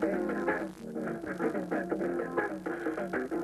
Thank you.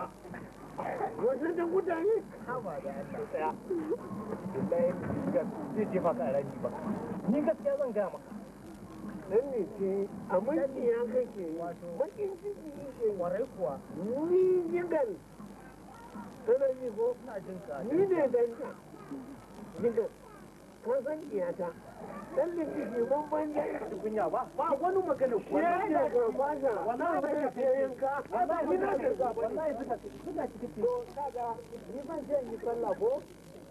jefa ka a rami ba ni gaskiya zan gaya maka nan ne ce a mulki ya kake bakin ciki ke warai kuwa ni jigan tana yi ko na ni ne dan jigan ka san iyata dan da ciki mun ban da kunya ba ba wani magana ko ne da ga kwasa wallahi ba ce yanka wallahi na ga sai suka suka ciki to kaga ni ban je ni sallah ko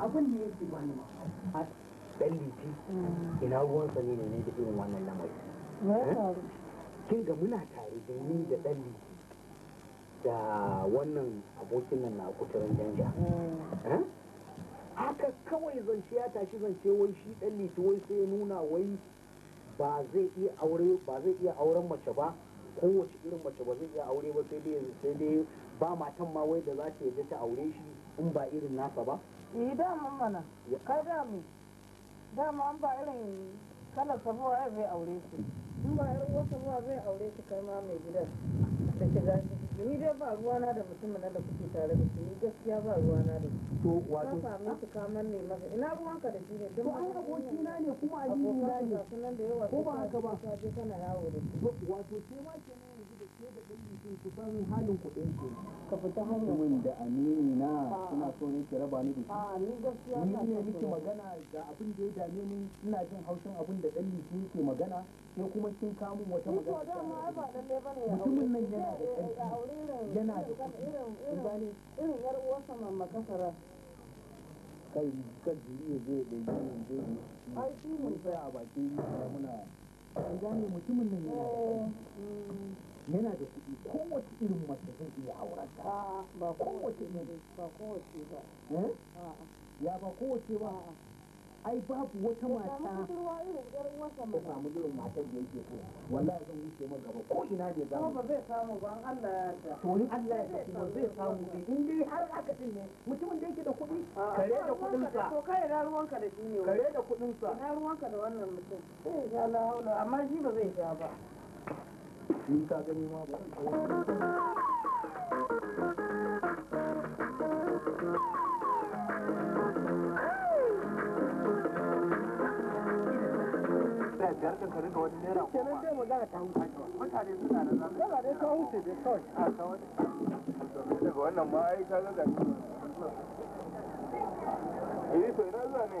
abin da yake wani ma lifi mm. ina ruwan sa ne ne da irin wannan lamari eh? kin ga muna tare da ni da dan lifi da wannan abokin nan na kuturin janja. Mm. Eh? haka kawai zance ya tashi zance wai shi dan lifi wai sai ya nuna wai ba zai iya aure ba zai iya auren mace ba kowace irin mace ba zai iya aure ba sai dai sai dai ba matan ma wai da za ta yarda ta aure shi in ba irin nasa ba yi eh, daman mana kai dami dama an ba irin kalar sabuwa zai aure su in ba irin wasu ruwa zai aure su kai ma mai gidan da shiga ni dai ba ruwana da mutumin da kuke tare da su ni gaskiya ba ruwana da to wato ka same su ka manne masa ina ruwanka da shi ne don ai aboki na ne kuma aliyu na ne ko ba haka ba kana yawo da su wato sai ma kenan ke da ɗan kuɗin ku ka fita hanyar da amini na suna so ne ki raba ni da shi ni gaskiya ne miki magana da abin da ya dame ni ina jin haushin abin da ɗan mutum yake magana sai kuma kin kamun wata magana mutumin nan yana da ƙarfi yana da kuɗi irin yar uwarsa kai jiri da yi ai shi eh, mun mm. tsaya a bakin muna mutumin nan yana da ƙarfi yana da kuɗi kowace irin mace zai iya auren ta ba kowace ne ba kowace ba eh? ya ba kowace ba ai babu wata mata ta samu irin matar da yake so wallahi zan wuce mun gaba ko ina ne za ba zai samu ba Allah ya ta to in Allah ya ta ba zai samu dai in dai har aka din ne mutumin da yake da kuɗi kare da kuɗin sa to kai da ruwanka da shi ne kare da kuɗin sa ina ruwanka da wannan mutum sai eh, ya la haula amma shi ba zai sha ba ni ka gani ma ba garkan ka kuma da da a ta wani daga wannan ne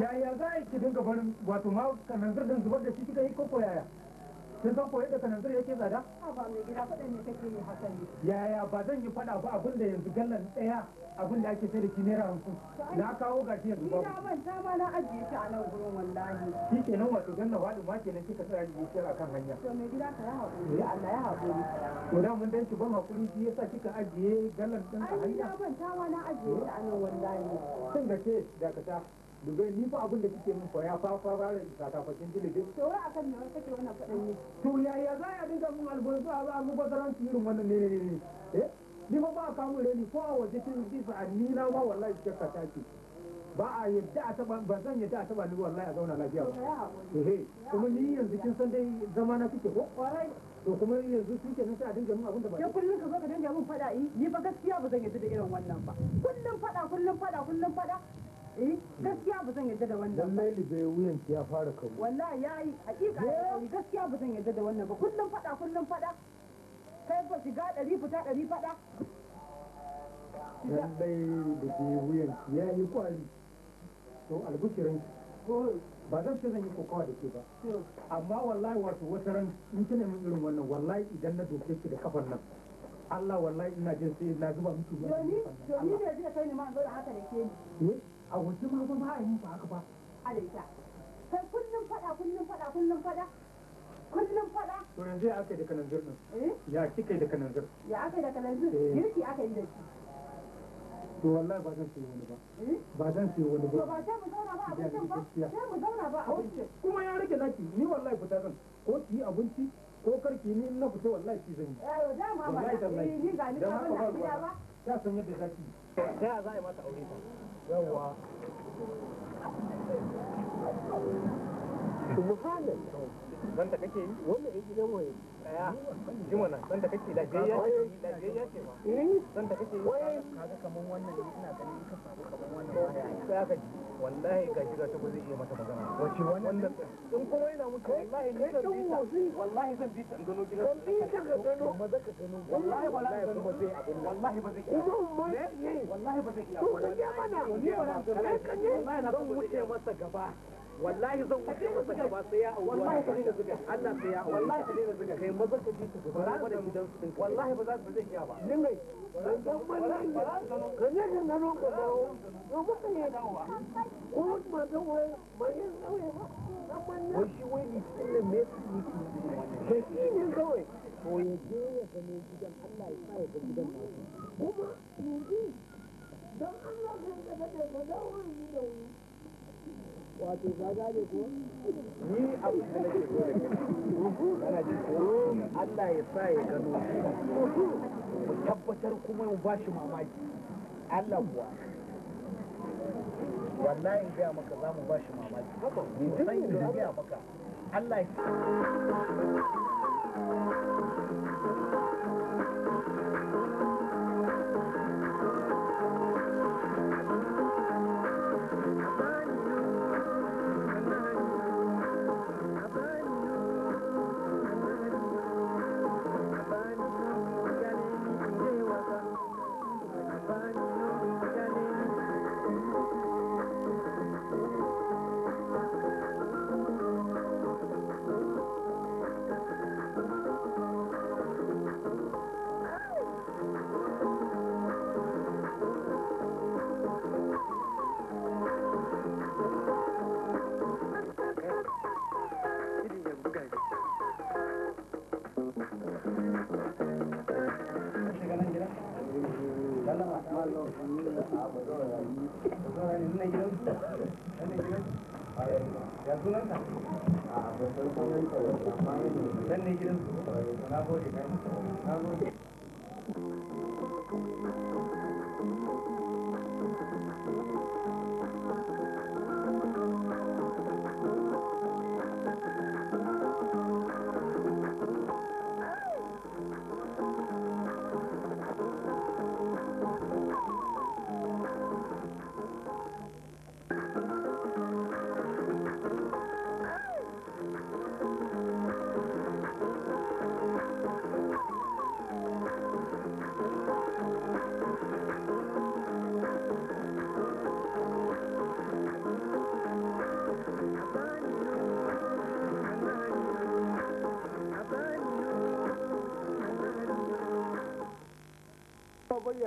yaya za a yi ki dinga barin wato ma kanan zirgin zubar da shi kika yi koko yaya kin san ko yadda kananzir yake tsada a ba mai gida faɗa ne kake yi hakan yaya ba zan yi faɗa ba abin da yanzu gallan ɗaya abin da ake sai da shi naira na kawo gashi yanzu ba ni ban ta ma na ajiye shi a nan gurin wallahi shi kenan wato ganna wadi ma kenan kika tsaya ajiye shi a kan hanya to mai gida ka ya haƙuri eh. Allah ya haƙuri to da mun dan ki ban haƙuri shi yasa kika ajiye gallan ɗin a hanya ai ni ban ta ma na ajiye shi a nan wallahi kin ga ke dakata dubai ni fa abin da kike min fa ya fa fa fara sakafakin dilijin to wai akan ne kake wannan fadan ne to ya za a dinga mun alburzu a ba mu bazaran wannan ne ne ne eh ni fa ba ka mu reni ko a waje tin ji fa ni na ma wallahi ke ka taki ba a yadda a taba ba zan yadda a taba ni wallahi a zauna lafiya ba eh, eh kuma ni yanzu kin san dai zama na kike ko to kuma yanzu shi kenan sai a dinga mun abin da ba ke kullum ka zo ka dinga mun fada yi ni ba gaskiya ba zan yadda da irin wannan ba kullum fada kullum fada kullum fada Eh, gaskiya ba zan yadda da wannan ba lallai da wuyan ki ya fara kamu wallahi yayi hakika gaskiya ba zan yadda da wannan ba kullum fada kullum fada kai ba shiga dari fita dari fada lallai da ke wuyan ya yi kwari to albushirin ba zan ce zan yi kokawa da ke ba amma wallahi wato wata ran in kina min irin wannan wallahi idan na doke ki da kafan nan Allah wallahi ina jin sai na zuba miki ruwa. Yoni, yoni ne zai kai ni ma zo da haka da ke ni. a waje ma ba a yi ba haka ba alaita kai kullum fada kullum fada kullum fada kullum fada to yanzu ya aka da kananzir din eh? ya kika da kananzir ya aka da kananzir eh. girki aka yi da shi to wallahi ba zan sayi wani ba eh? ba zan sayi wani ba ba sai mu zauna ba a abincin ba sai mu zauna ba a abincin kuma ya rike laki ni wallahi fita zan ko ki abinci ko karki ni na fita wallahi ki zan yi eh da ma ba ni ga ni ba ba ya san yadda zaki da za a yi mata aure ba yawa subhanallah dan ta kake yi wannan gidan waye daya jimana san da kake lafiyayya ce lafiyayya eh. da kake kaga kaman wannan ne ina ganin ka samu kaman wannan waya ya aka ji wallahi ga shi ta zai iya mata magana wace wannan in kuma yana wallahi ne zan bi ta wallahi zan bi ta gano gidan ta ga gano kuma zaka gano wallahi wallahi zai abin wallahi ba zai kuma wallahi ba zai iya kuma eh? ya mana ni ba zan wuce masa gaba wallahi zan wuce masa gaba sai ya a wallahi ka daina zuga Allah sai ya wallahi ka daina zuga kai maza ka ji su ba ba da gidan su wallahi ba za su zai iya ba din gai dan dan wannan ka ne kan gano ka ko to mutum yi dawo ko ma dan wai yin sauye ba dan wai shi wai ni ne me su yi ke shi ne kawai to ya je ya gidan Allah ya sa ya ga gidan nasu kuma dan Allah ka da dawo wato ba gane ko ni abin da nake so da ke tsoro Allah ya sa ya gano mu tabbatar kuma mu bashi mamaki Allah kuwa wallahi gaya maka za mu bashi mamaki ni san yi gaya maka Allah ya sa 我这边，然后。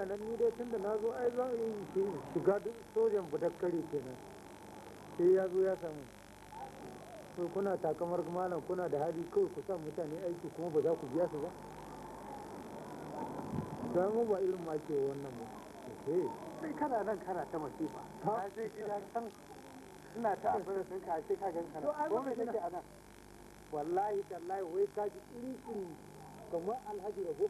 nan ni dai tun da na zo ai za a yi shi shiga duk sojan budakkari nan sai ya zo ya samu ko kuna takamar malam kuna da hali kawai ku sa mutane aiki kuma ba za ku biya su ba za mu ba irin ma ke wannan ba sai kana nan kana ta masifa na je gida can suna ta abin da sun kashe ka gan kana ko me nake a nan wallahi tallahi wai ka ji irin iri kamar alhaji rabo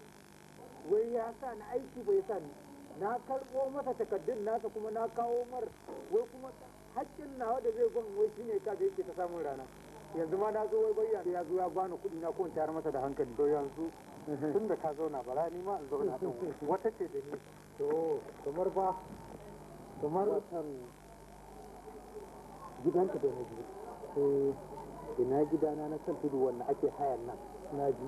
wai ya sa ni aiki bai sa ni na karɓo masa takardun nasa kuma na kawo mar wai kuma haƙƙin nawa da zai gwamna wai shine ka da yake ta samun rana yanzu ma na zo wai bayyana ya zo ya gwana kuɗi na kowace har masa da hankali to yanzu tun da ka zauna bara ni ma in zauna ta wata ce da ni to kamar ba kamar gidanta da na ji eh, gidana na san tudu wanda ake hayan nan na ji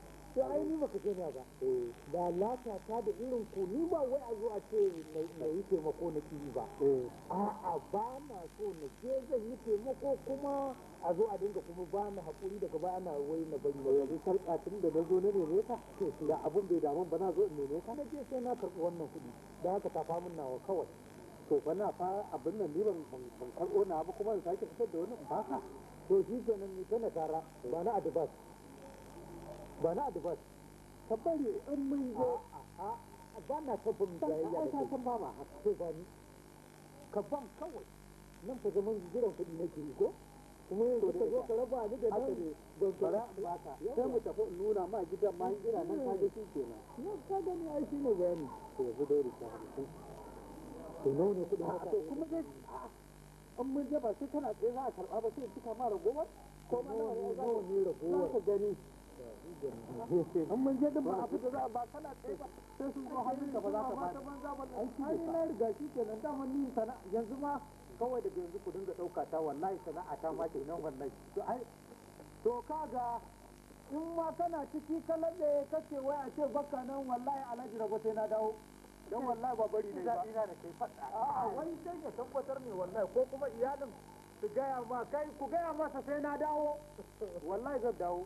to ai ni ce shaida ba eh. da lata ta da irin ku ni ba wai a zo a ce na yi taimako na kiri ba eh. a'a ba na so na ce zan yi taimako kuma a zo a dinga kuma ba na haƙuri daga ba ana wai na bari ba yanzu sarƙa tun da na zo na neme ka da abun bai damu ba na zo in neme ka na je sai na karɓi wannan kuɗi da haka ta famun nawa kawai to fa na fa abin nan ni ban karɓo na ba kuma in sake fitar da wani ba baka to shi kenan ni tana tara ba na ba na advance ka bari in mun zo ba na kafin jayayya da kai ba ma haka to ba ni ka ban kawai nan fa zaman jiran kuɗi na yi ko kuma yanzu ta zo ka raba ni da nan don tsara baka sai mu tafi in nuna ma gidan ma ina nan ka ga shi kenan nan ka gani ai shi ne bayani to yanzu dole ka haɗu to nawa ne kuɗin haka to kuma dai in mun je ba sai kana tsaye za a karɓa ba sai in cika ma ragowar ko ma na ragowar za ka gani an je da ba a fita za a ba kana kai ba sai sun zo hannun ka ba za ka ba an ci ne na riga shi kenan dama ni sana yanzu ma kawai daga yanzu ku dinga ɗauka ta wallahi sana'a ta ma nan wallahi to ai to kaga in ma kana ciki kalan da ya kace wai a ce baka nan wallahi alhaji rabo sai na dawo don wallahi ba bari ne ba da kai a'a wani sai ya tabbatar ne wallahi ko kuma iyalin su gaya ma kai ku gaya masa sai na dawo wallahi zan dawo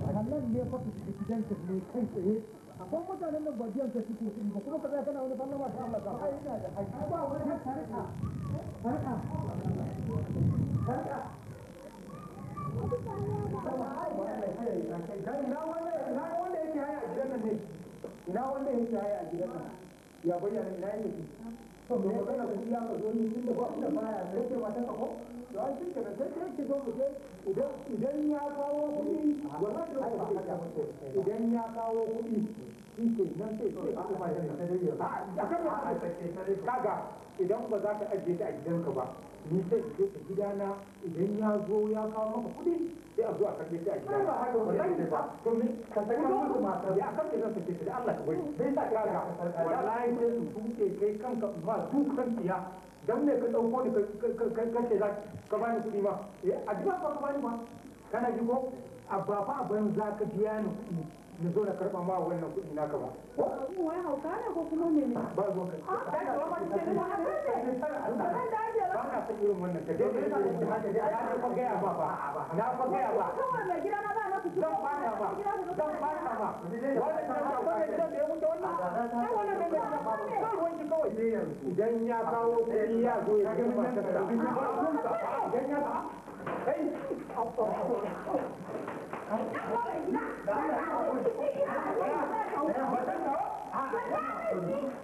sannan ne fa president ne kai tsaye akwai mutanen nan bajiyan ka suke shi ba kuma kaza kana wani fannama ta Allah ina da ai ba ina a a ya bayyana ina yake to me kana kuɗi ya ka zo ni tun da ba ku baya ne ke mata ka ko idan idan kawo kuɗi shi ke idan ba za ka ajiye ta a gidanka ba ni sai je gidana idan ya zo ya kawo maka kuɗi sai a zo a karbe ta a gida ba haka ba to ka saka musu mata ya nan ta da Allah ka bai sai ta kaga wallahi sai su tuke kai kanka ma kan tiya dan me ka dauko ni ka kace za ka bani kuɗi ma a jima ba ka bani ma kana ji ko a ba fa a ka biya ni kudi na zo na karba ma wannan kudi na ka ba wai hauka ne ko kuma ne ne ba zo ka ah, ba da wani da ne ba da ba na san irin wannan ta dai ka ba ba na ba gaya ba kawai mai gida na ba na ku zan ba ba zan fara ba wannan ta ba ne da wannan 你不要走，不要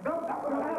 走。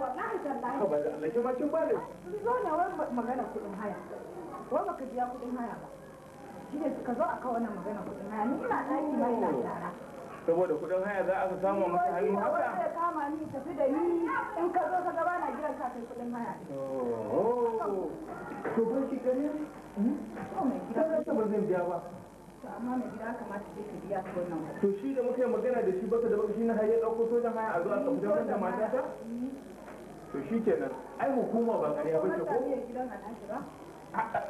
wallahi tallahi ka bada Allah ke ma kin bada zo ne wai magana kuɗin haya wai baka biya kuɗin haya ba shine ka zo aka wannan magana kuɗin haya ni ina daki ba ina tsara saboda kuɗin haya za a ka samu masa hannu haka ko da kama ni tafi da ni in ka zo ka gaba na gidan ka kai kudin haya oh to ba ki gani ko mai gidan ba zan biya ba amma mai gida kamata sai ka biya ta wannan to shi da muka yi magana da shi baka da baka shi na haye dauko sojan haya a zuwa a tafi da mata ta hmm. to shi kenan ai hukuma ba ƙarya ba ce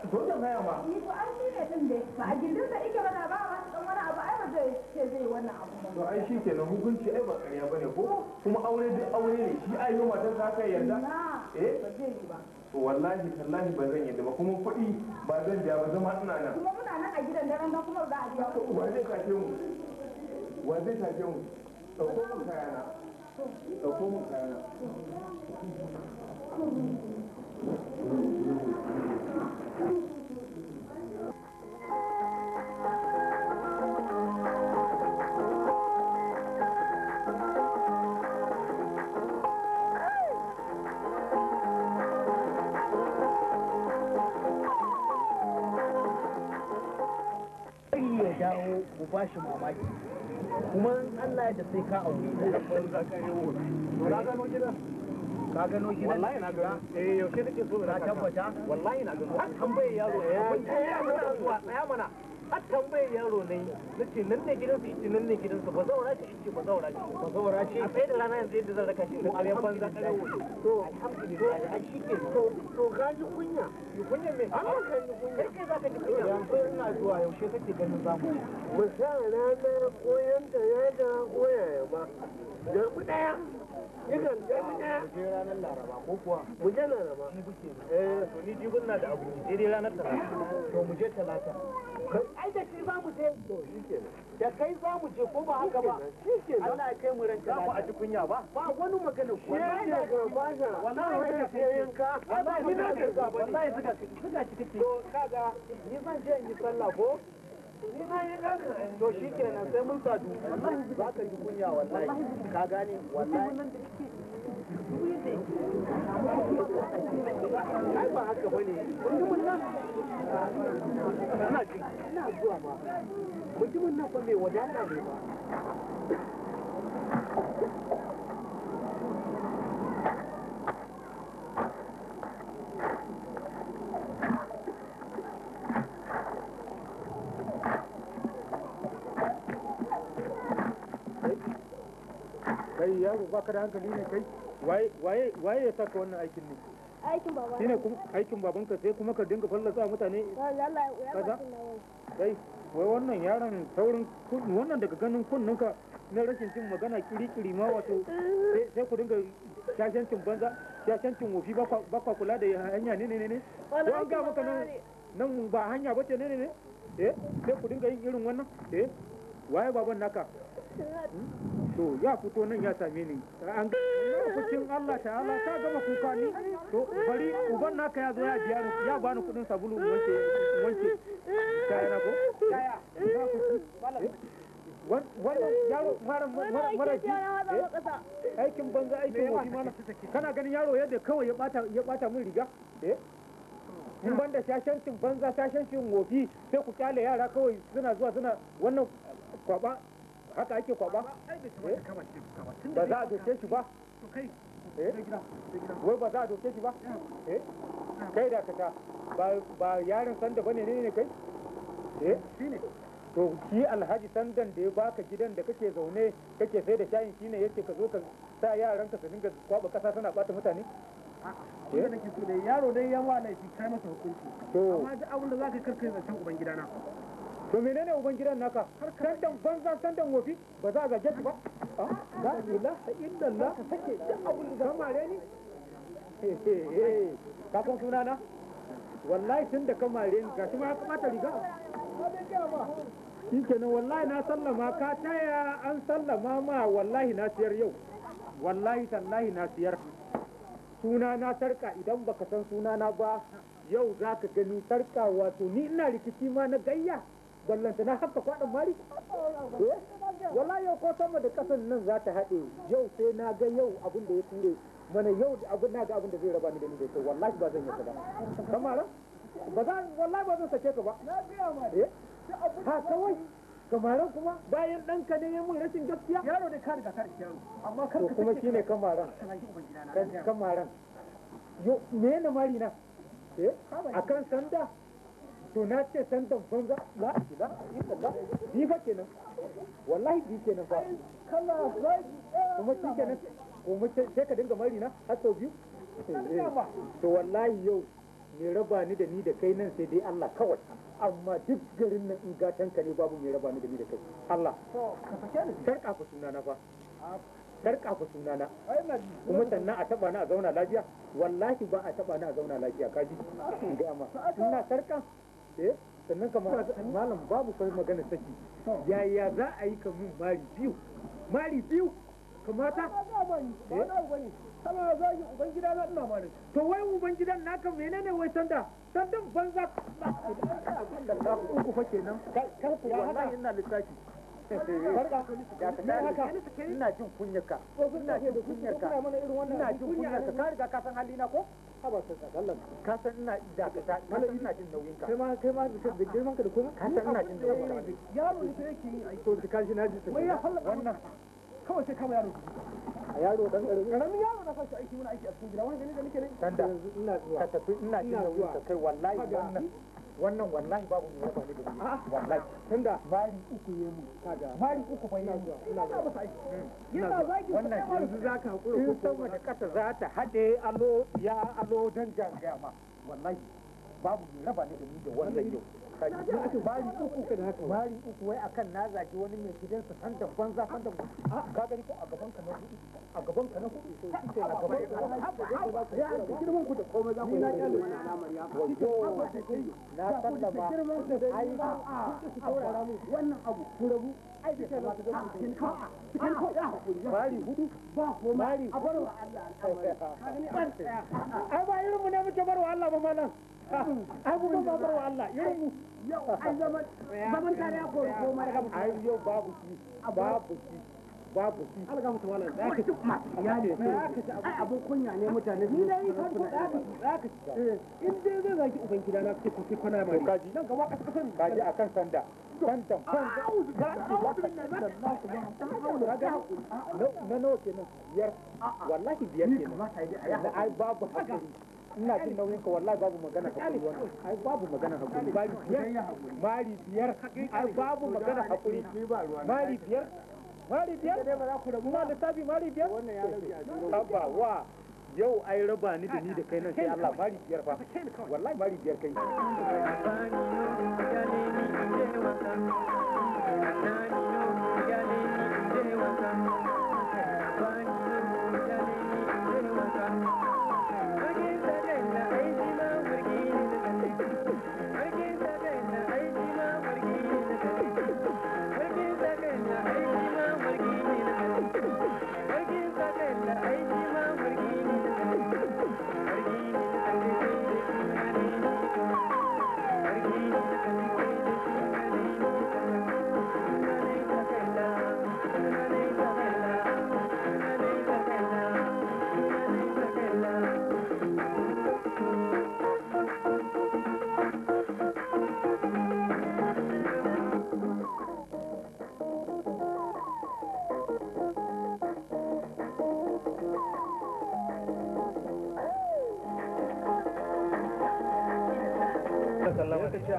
ko dole na ma. ni ko an shi ne din dai ba a gindin da ike mana ba ba dan wani abu ai ba zai ce zai wannan abu to ai shi kenan hukunci ai ba ƙarya bane ko kuma aure duk aure ne shi ai yau matar ta kai yarda eh ba zai yi ba to wallahi tallahi ba zan yadda ba kuma kuɗi ba zan ja ba zama ina nan kuma muna nan a gidan daren nan kuma za a biya wa zai tafe mu wa zai tafe mu ɗauko mun kayana 哎呀，我我不吃妈妈的。kuma Allah ya sai ka aure ta ka yi wuri gano gidan ka gano gidan wallahi na gano eh yaushe nake so na tabbata wallahi na gano an tambaye yaro eh, ya ya mana hatan bai yaro ne. yi na ce nan ne gidansu ice nan ne gidansu ba zaura ce ice ba zaura ce ba zaura ce a sai da rana yanzu yadda zan raka shi ko abin banza ƙarya to alhamdulillah a shi ke to to ka ji kunya yi kunya me an ka ji kunya kai za ka ji kunya yanzu ina zuwa yaushe kake ganin zamu mu sa rana koyan da ya da koyaya ba da ku daya Yakan je mu je. ranar Laraba ko kuwa? Mu je Laraba. Eh to ni jibin na da abu je dai ranar Talata. To mu je Talata. Ai da shi za mu je. To shikenan. Da kai za mu je ko ba haka ba. Shikenan. Allah ya kai mu ran Talata. Ba a ji kunya ba. Ba wani magana ko. Wallahi ga Wallahi yanka. Wallahi Wallahi To kaga ni zan je in yi sallah ko? ni to shi kenan sai mun sadu wallahi za ka ji kunya wallahi ka gane wallahi ai ba haka mutumin nan ina ji ina zuwa ma mutumin nan mai wadata ne ba ya ba ka da hankali ne kai waye ya saka wannan aikin ne aikin baba shine aikin babanka sai kuma ka dinga fallasa mutane kaza dai wai wannan yaron saurin wannan daga ganin kunninka na rashin jin magana kiri-kiri ma wato sai ku dinga shashancin banza shashancin wofi ba kwa kula da hanya ne ne ne ko an ga maka nan nan ba hanya bace ne ne ne eh sai ku dinga yin irin wannan eh waye baban naka to ya fito nan ya same ni an ga kucin Allah ta'ala ta gama kuka ni to bari uban naka ya zo ya biya ni ya bani kudin sabulu wanke wanke kaya na ko kaya wannan yaro mara mara ji eh? aikin banza aikin wani mana kana ganin yaro yadda kawai ya bata ya bata min riga eh in banda shashancin banza shashancin wofi sai ku kyale yara kawai suna zuwa suna wannan kwaba haka ake kwaba eh? ba za a doke shi ba eh? wai ba za a doke shi ba eh? kai da kata ba yaren sanda bane ne ne kai to shi alhaji sandan da ya baka gidan da kake zaune kake sai da shayin shine yake ka zo ka sa yaran ka su dinga kwaba kasa suna bata mutane abinda yaro dai ya laifi kai masa hukunci amma duk abin da ka karkar zancen Ubangidana. to menene uban gidan naka sandan banza sandan wofi ba za a gaje ba ah, la ilaha illallah ka sake da abun da mare ni ka san suna na wallahi tun da mare ni gashi ma ya kamata riga shi kenan wallahi na sallama ka taya an sallama ma wallahi na siyar yau wallahi tallahi na siyar suna na sarka idan baka san suna na ba yau za ka gani sarka wato ni ina rikici ma na gayya ballanta na haka kwaɗin mari eh? wala yau ko sama da kasan nan za ta haɗe yau sai na ga yau abin da ya ture mana yau da abin na ga abin da zai raba ni da ni da ita wallahi ba zan yi ba kamar ba za wallahi ba zan sake ka ba eh? ha kawai kamaran kuma bayan ɗanka ne ya mun rashin gaskiya yaro da ka riga ka rike yaro amma kar ka kuma shine kamaran kamaran yo me ne mari na eh akan sanda to na ce san da banza la ila illa bi fa kenan wallahi bi kenan fa kala zai eh. kuma shi kenan kuma sai ka dinga mari na har sau biyu eh, to wallahi yau me raba ni da ni da kai nan sai dai Allah kawai amma duk garin nan in gatan ka ne babu me raba ni da ni da kai Allah ka sake ni sarka ku sunana fa sarka ku sunana kuma sannan a taba na a zauna lafiya wallahi ba a taba na a zauna lafiya kaji in ga amma ina sarka Eh? sannan kamar malam babu fa magana saki yaya za a yi ka mun mari biyu mari biyu kamata eh? tana zagin uban gida na ina mani to wai uban gidan naka menene wai sanda sandan banza da uku fa kenan kar ku wallahi ina lissafi ina jin kunyarka ina jin kunyarka ina jin kunyarka ka riga ka san halina ko haba ka san ina dakata ka san ina jin nauyin ka kai ma kai ma da girman ka da komai ka san ina jin nauyin ka yaro ne yake yi to ka na ji sai wannan kawai sai kama yaro a yaro dan yaro na fashi aiki aiki a cikin gida wani gani da nake ne dan da ina zuwa ka ina jin kai wallahi wannan wannan wallahi babu ne ya bani da ni ah, wallahi tunda bari uku ne mu kaga bari uku fa ina zuwa ina zuwa hmm, yana zagi wannan yanzu zaka hakura eh, ko saboda kasa za ta hade alo ya alo dan jangama wallahi babu ne raba ne da ni da wannan yau bari uku kan haka bari uku wai akan na zaki wani mai gidansa san da banza san da ka gani ko a gaban ka na hudu a gaban ka na hudu na gaban ka ya girman ku da komai za ku yi na kyale ya ko na sallama ai a wannan abu ku rabu ai ku ko bari hudu ba Allah al'amari ka gani ai ba irin mu ne muke Allah ba malam ai mu ba bar wa Allah yau mu yau zaman zaman tare ya ko ko mara ai yau babu shi babu shi babu shi alga mutum ka ya ne ai abun kunya ne mutane ni dai kan da ka in dai zai zaki uban gida na ku ku kana mai kaji nan kasan kaji akan sanda sandan na nawa kenan biyar wallahi biyar kenan ai babu hakuri ina jin nauyin ka wallahi babu magana hakuri ai babu magana hakuri babu biyar mari biyar ai babu magana hakuri mari biyar mari biyar da ba za ku rabu ma lissafi mari biyar wannan ya rabu a jiro abba wa yau ai raba ni da ni da kai nan sai Allah mari biyar fa wallahi mari biyar kai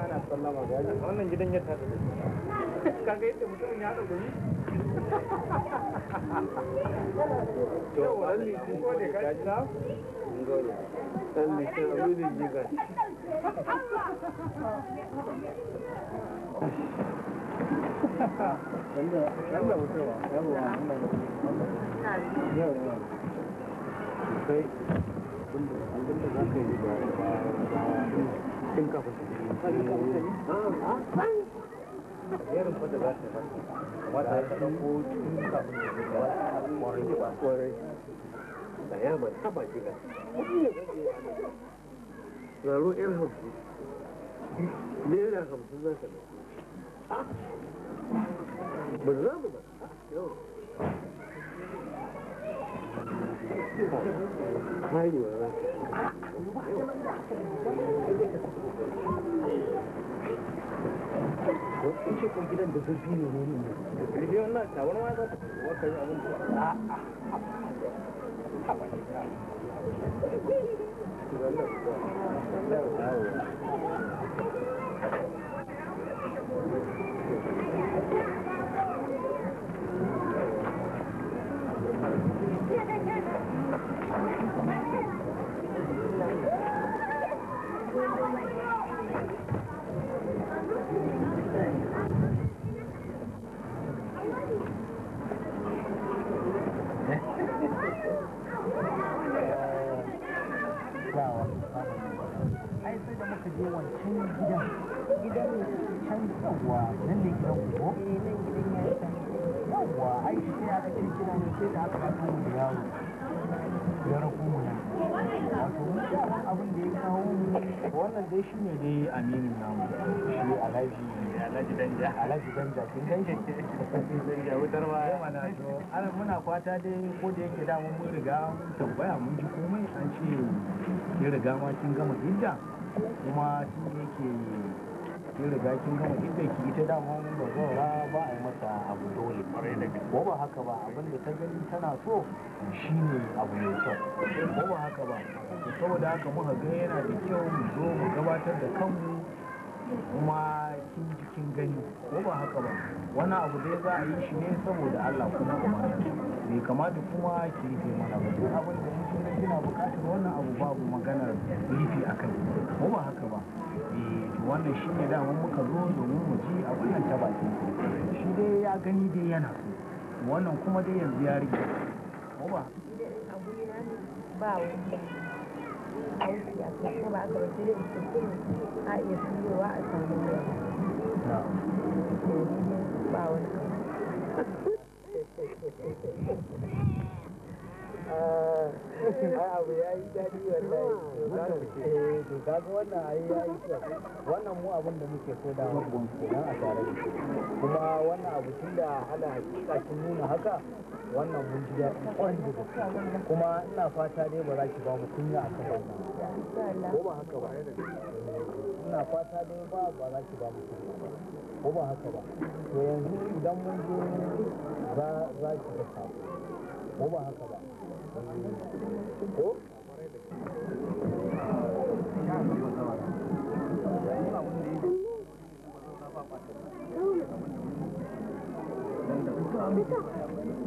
ana sallama ga wannan gidan ya tafi yadda ya to wani ko ka ji na ɗan litin amini jigar jerin fata ya da ya ya yan in ce kuma gidan da zurfi ne ne ne ƙarfi wannan tawar ma za ta wata yi abin a a yawwa nan ne gidan ku ko yawwa ai shi ne aka ce ne sai da aka ɗauko da yawo ya rako mu nan wato mun abin da ya kawo mu wannan dai dai namu shi alhaji alhaji danja alhaji danja kin shi danja wutar to ana muna dai ko da yake da mun riga tambaya mun ji komai an ce kin riga ma kin gama kuma tun yake kin riga kin gama inda ki ita dama da zaura ba a yi mata abu dole kwarai da gaske ko ba haka ba abin da ta gani tana so shine abu mai kyau ko ba haka ba saboda haka muka ga yana da kyau mu zo mu gabatar da kanmu kuma kin ji kin gani ko ba haka ba wani abu dai za a yi shi ne saboda Allah kuma kuma bai kamata kuma ki yi mana ba duk abin da kin kina bukatar wannan abu babu maganar rifi akan ko ba haka ba eh wannan shi ne damar muka zo domin mu ji abin nan ta baki shi dai ya gani dai yana so wannan kuma dai yanzu ya rike ko ba ba aiki a ko ba aka wace da ita a iya turowa a samu ba wani abu ya yi daɗi wallahi to kaga wannan ayi ya yi wannan mu abin da muke so da wannan kenan a tare kuma wannan abu tun da ala hakika kin nuna haka wannan mun ji daɗi ƙwarai kuma ina fata dai ba za ki ba mu kunya a kan wannan ko ba haka ba ina fata dai ba ba za ki ba mu kunya ba ko ba haka ba to yanzu idan mun je za za ki ga ko ba haka ba ko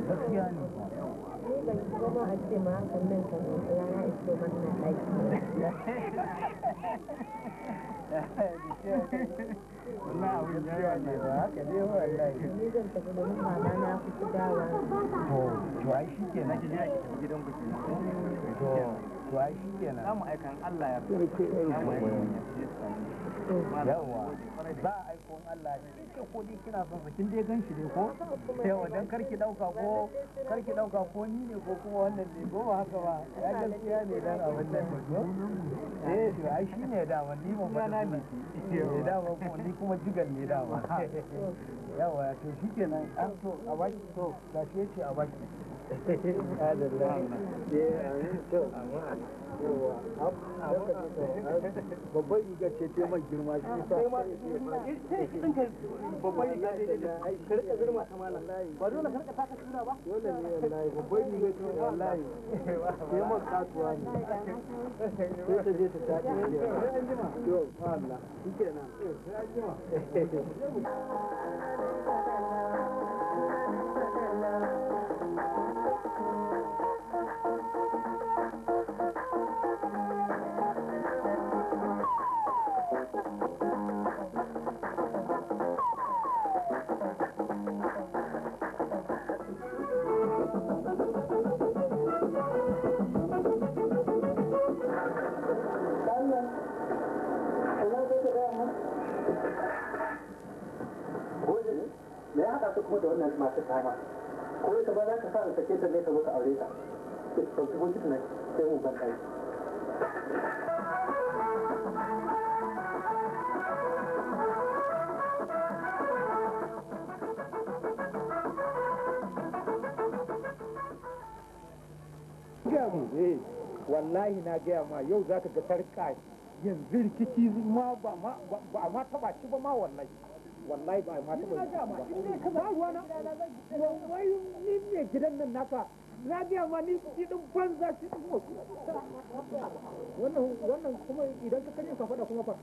gaskiya ne ban shigo ma a ce wannan ya yi ba haka dai wallahi ni da Allah ya fi yawa ba aikon Allah ya ce ko dai kina son sa kin dai gan shi ne ko yawa dan karki dauka ko karki dauka ko ni ne ko kuma wannan ne ko ba haka ba ya gaskiya ne dan abin nan ne ko eh to ai shi ne da wani mun ba na ne eh da ba ko ni kuma jigan ne da ba yawa to shikenan an ah, to a baki to gashi yace a baki Allah Allah eh amin to amin babban riga ce ta mai girma shi ta babban riga ce ta karka girma ta ba dole karka ta ka tura ba dole ne wallahi babban riga ce wallahi sai man katuwa ne sai ta je ta ne sai an jima to Allah shi kenan eh, sai an jima nan masu kama ko ita ba za ka sa sake ta ne ka zo ka aure ta ɗauki bokiti nan sai mu ban ɗaki eh, wallahi na gaya ma yau za ka ga sarƙa yanzu rikici ma ba ma taɓa shi ba ma wallahi wallahi ba ma ta bai ka ba ruwa na wai ni ne gidan nan naka na ga ma ni din banza shi din mu wannan wannan kuma idan ka kare ka fada kuma fa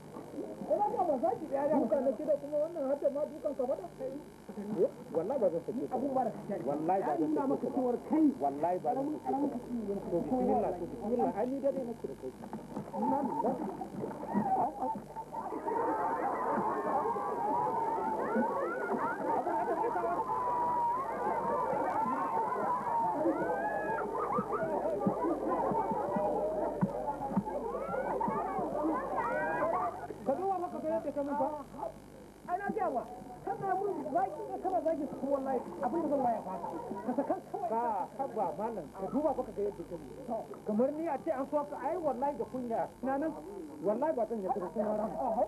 ko ba ba zaki da ya ka nake da kuma wannan da ma dukan ka fada eh, wallahi ba zan sake abu ba wallahi ba zan sake maka cewar kai wallahi ba zan sake to bismillah to bismillah ai da dai na ku kai ina da zaki ka ba zaki zan waya ka malam ka duba kamar ni a ce an so ka ai wallahi da kunya na nan wallahi ba zan yarda da kunya ba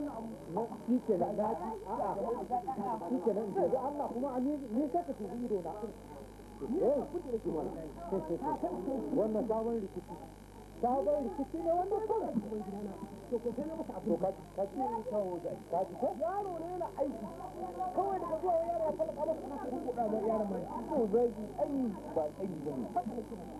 wannan abu ke nan da a'a Allah kuma a ne sai ka tubi ido sabon rikici sabon rikici ne wannan kawai to ko sai na masa abu ka ka ci ka ji ko yaro ne yana aiki kawai daga zuwa yaro ya falka masa kuɗa da yaron mai to zai yi ai ba ai ba ne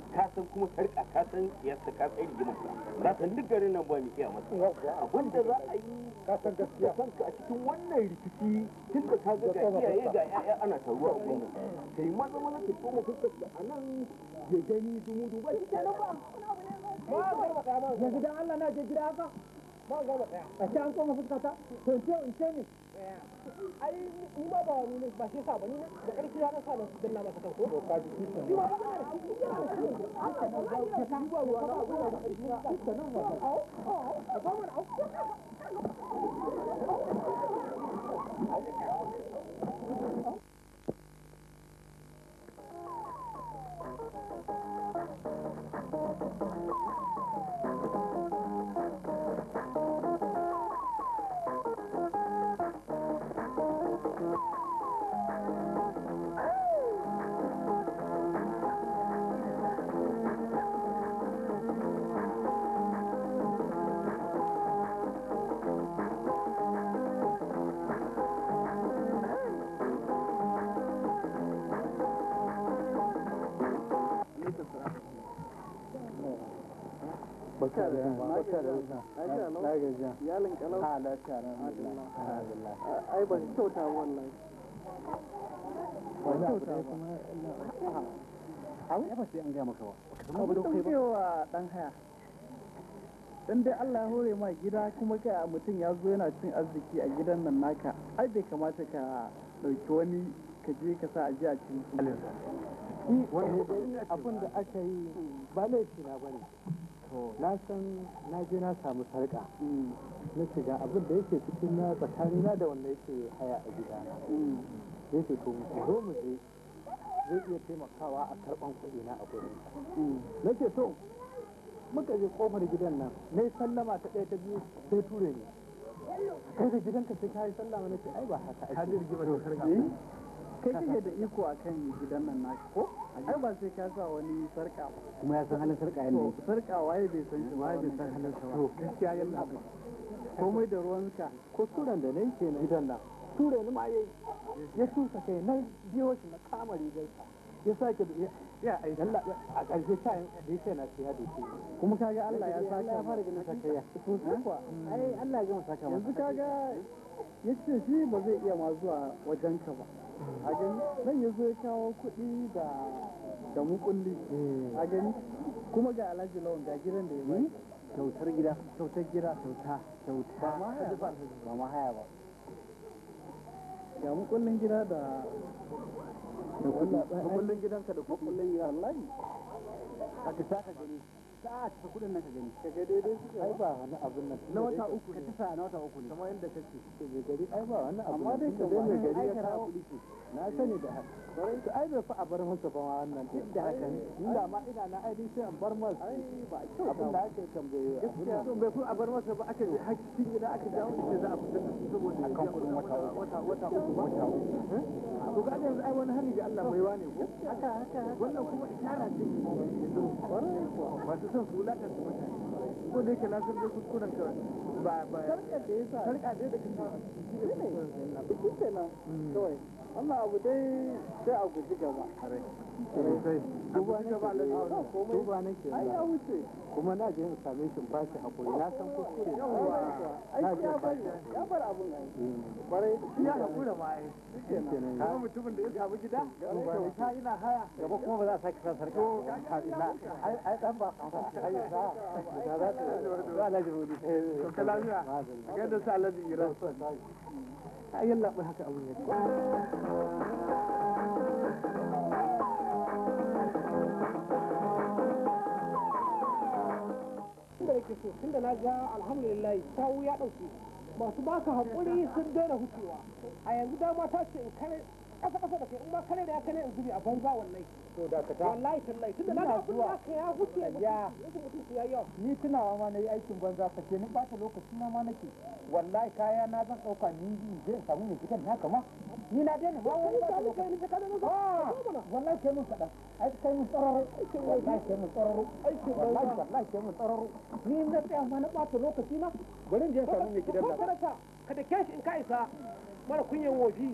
Kasan kuma sarka ka san kiyarsa ka tsaye rigimar sa ka san duk garin nan ba iya masa abin da za a yi ka san gaskiya ka a cikin wannan rikici tun da ka ga ga iyaye ga yaya ana taruwa a kai maza maza ka koma fuskar da anan ya gani dumu dumu ba ba ba gida ba ba a ta to ai ni ma ba ni ba shi sa da karfi da dan na masa kanko to ka ji shi ma ba ka da shi da ka da shi ka nan ba ka Thank you. da da da da ba da da ba da an ba da da ba dan haya dan dai Allah ya hore ma gida kuma ka mutum ya zo yana cin arziki a gidan nan naka ai bai kamata ka dauki wani ka je ka sa aji a cikin wani abin da aka yi ba laifi na bane na san na je na samu sarka na shiga abin da yake cikin na na da wanda yake haya a gida ya ce to mu zo mu je zai iya taimakawa a karban kuɗi na a gurin na ce to muka je kofar gidan nan na yi sallama ta ɗaya ta biyu sai ture ne kai da gidanka sai ka yi sallama na ce ai ba haka ake kai kake da iko a kan gidan nan naki ko ai ba sai ka sa wani sarka ba kuma ya san halin sarka yana sarka waye bai san shi waye bai san halin sa to gaskiya yalla ba komai da ruwanka ko turan da nan ke nan gidan nan ture ni ma yayi ya tusa kai nan biyo shi na kama rigar sa ya sake da ya ai dalla a ƙarshe ta da yake na siya da shi kuma kaga Allah ya saka ya fara ganin sakayya to kuwa ai eh, Allah ya gama saka yanzu kaga ya ce shi ba zai iya ma zuwa wajenka ba mm. a gani nan ya zo ya kawo kuɗi da da mukulli mm. a gani kuma ga alhaji lawan ga gidan da ya bai mm. kyautar gida kyautar gida kyauta kyauta ba ma haya ba ga mukullin gida da da mukullin gidanka da mukullin gida wallahi a ka saka gani sa'a ta kudin nan ka gani ka ga daidai su ai ba wani abin nan na wata uku ka na wata uku ne kamar yadda kake ke gari ai ba wani abin amma dai ka gari ya kawo kudi na sani da haka bare ai bai fa a bar masa ba wannan duk da haka ni da ma ina na ai sai an bar masa ai ba kyau abin da ake gaskiya to bai a bar masa ba aka hakkin gida aka dawo za a fitar saboda akan kudin wata wata wata uku ba wata uku hmm? to ga yanzu ai wani hali da Allah baiwa ne ko haka haka wannan kuma isharar ce son su mutane ko da yake na kuskuren ka ba ba da yasa sarƙa da yake shi ne shi kawai wannan abu dai sai a guji gaba duba nake ya kuma na je in same shi ba shi hakuri na san kuskure na je ba ya bar abun mm. ai shi ya hakura ma ai kuma mutumin da ya samu gida ta ina haya gaba kuma ba za a sake san sarka na ai ai dan ba ai sa na za ta ba laji rudi to da sa a yalla haka abun yake tunda da ke so tunda na ga alhamdulillah sawu ya ɗauke masu baka haƙuri sun daina hucewa a yanzu dama ta ce in kare kasa kasa da ke, in ma kare da ya kare in zubi a banza wallahi to da ka ta wallahi tallahi tunda na ga zuwa ka ya huce ya mutum su yayyo ni tunawa ma nayi aikin banza ka ce ni ba ta lokaci na ma nake wallahi kaya na zan dauka ni in je in samu mai gidan na kama ni na daina ba wani ba ta lokaci ni ka daina ba wallahi kai mun kada ai kai mun tsararo wallahi kai mun tsararo aikin wallahi wallahi kai mun tsararo ni na tsaya ma na ba ta lokaci na bari in je in samu mai gidan na kada ka da in ka isa mara kunyan wofi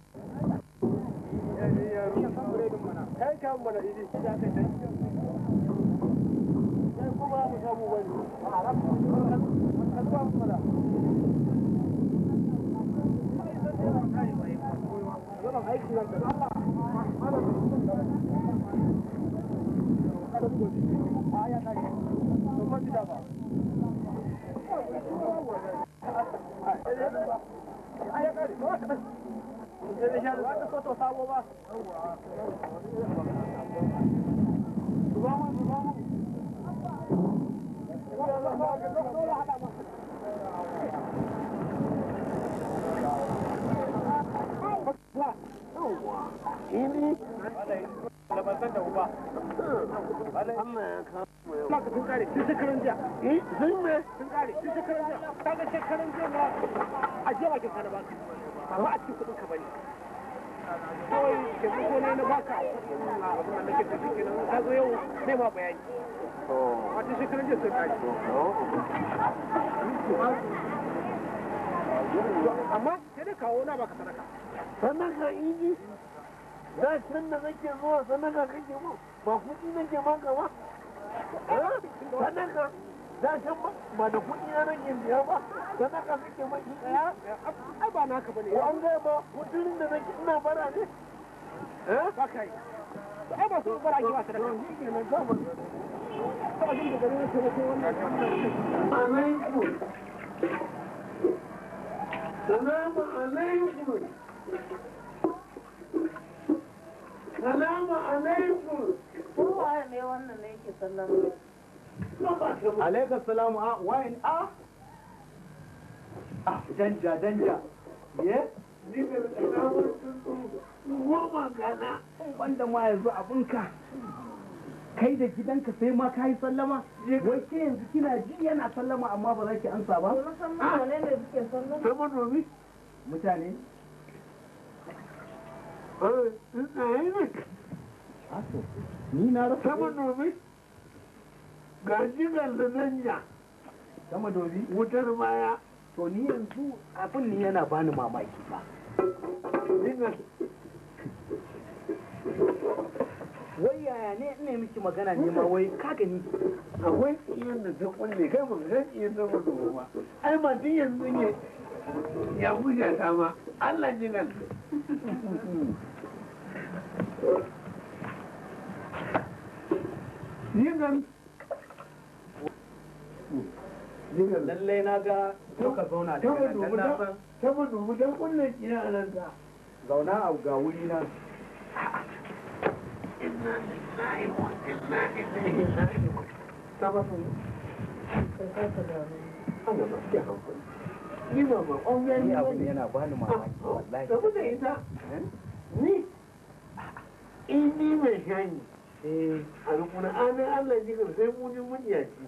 kai kan mana idi da kai Thank you. Sun kare, sun shekaran jiya. a jiya bakin sana ba ma a cikin kudin ka bane kawai ne na baka abin da nake tafi kenan ka zo yau zai ma bayani wata shekarun jiya kaji amma sai dai kawo na baka sadaka da san da nake zuwa kake mu ba kuɗi nake ba eh? na ba da kuɗi na nan indiya ba da na suke mai ai ba naka ba da nake ina bara ne eh kai ai ba su bara ki ba da ke nan ta da ko wannan salamu alaikum salamu alaikum kowa ne wannan ne yake sallama alaikar salamu a ah, wayan a ah. A ah, danja danja ye wanda ma yanzu abinka kai da gidanka sai ma ka yi sallama wai ke yanzu kina ji yana sallama amma ba za ki ansa ba sai manomi mutane eh, eh, eh, ni na rasa manomi ga jigar da zanya sama dobi wutar baya to ni yanzu abin ni yana bani mamaki ba jigar wai yaya ne ne miki magana ne ma wai ka gani akwai iya da ta kulle kai ba zan iya zama gobe ba ai ma din yanzu ne ya buja ta ma Allah jigar jigar lallai na ga kuka zauna da kanan na san ta mu dan kullun ina nan ga zauna a ga wuri na inna lillahi wa inna ilaihi raji'un ta ba su kai ka da an ga ke hankali ni ma ba on ga ni abin yana bani mamaki wallahi da kuma ita eh? ni in eh, ni mai shani eh alƙur'anin Allah jikin sai mu ji mun yaci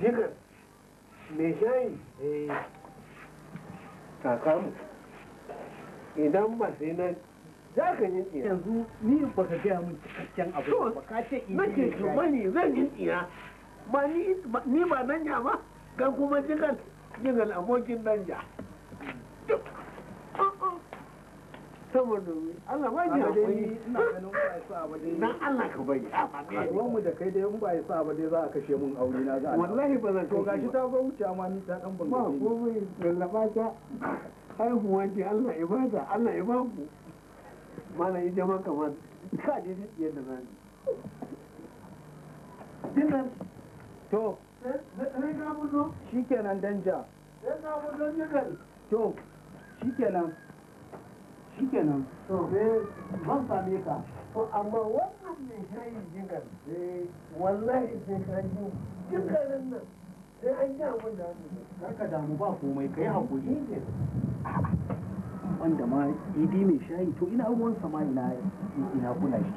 shigar mai shayi eh, kakamu idan ba sai na za ka yi tsina yanzu ni ba ka gaya min cikakken abu ba ka ce ina na ce to mani zan yi tsina ma ni ba nan ya ba ga kuma jigal jigal abokin nan ja saboda Allah ba ji hakuri ina ganin ba ya sa ba dai dan Allah ka bari ruwan mu da kai dai in ba ya sa ba dai za a kashe mun aure na ga wallahi ba zan to gashi ta zo wuce ma ni ta dan bangaje ba komai lallaba ta haihuwa ce Allah ya bada Allah ya baku mana ita ma kamar ka je yadda zan dinnan to ne eh, shikenan danja to shikenan shi kenan sai zan same ka to amma wannan shayi eh, wallahi sai nan sai an yi abin da damu ba komai ne wanda ma idi mai shayi to ina ruwan sama ina ina kula shi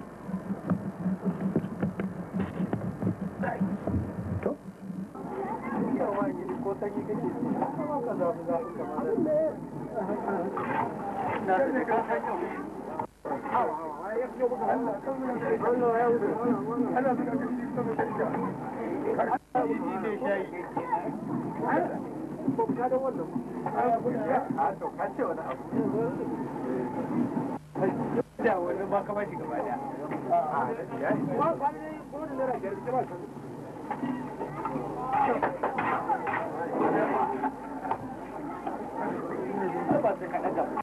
ko da wani ba ka bashi gaba da ba ba ne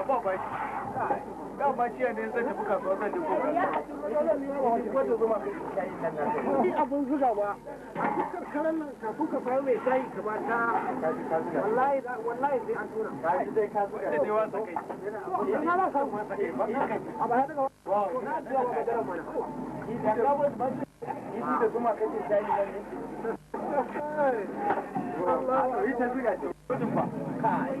ba ne tafi zuga ba a dukkan nan ka mai ka ba ta wallahi wallahi sai an tura ka ji dai ka zuga na samu wasa ba a ba daga wa na mana da ba da kuma ne Allah ya ta zuga ce ba kai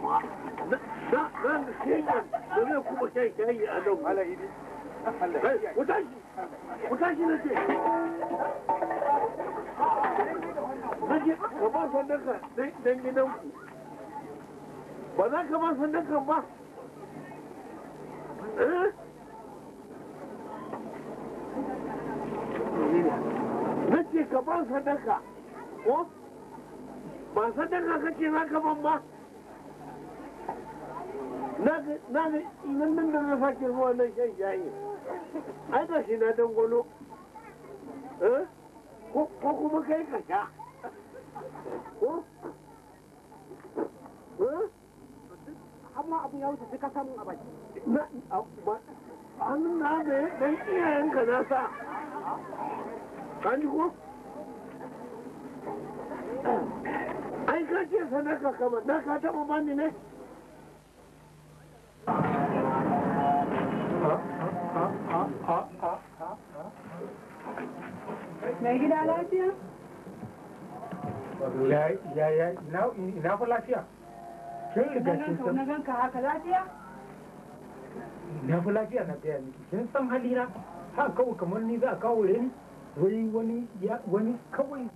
ran da ka a na ce ka ba sandanka ka ba ba ka ko ba kake za ka ban ba nan nan da na sake zuwa nan shan shayi ai da shi na dangwalo eh? ko kuma kai ka sha ko eh? amma abu ya wuce duka samun a baki hannun na da dan iyayenka na sa kan ji ko ai ka ce sadaka kamar na ka taɓa bani ne Mai gida lafiya? Ya ina fa lafiya? Kin riga kin san. Na ganka haka lafiya? Na fa lafiya na gaya miki. Kin san halina? Ha kawai kamar ni za a kawo ni? Wai wani ya wani kawai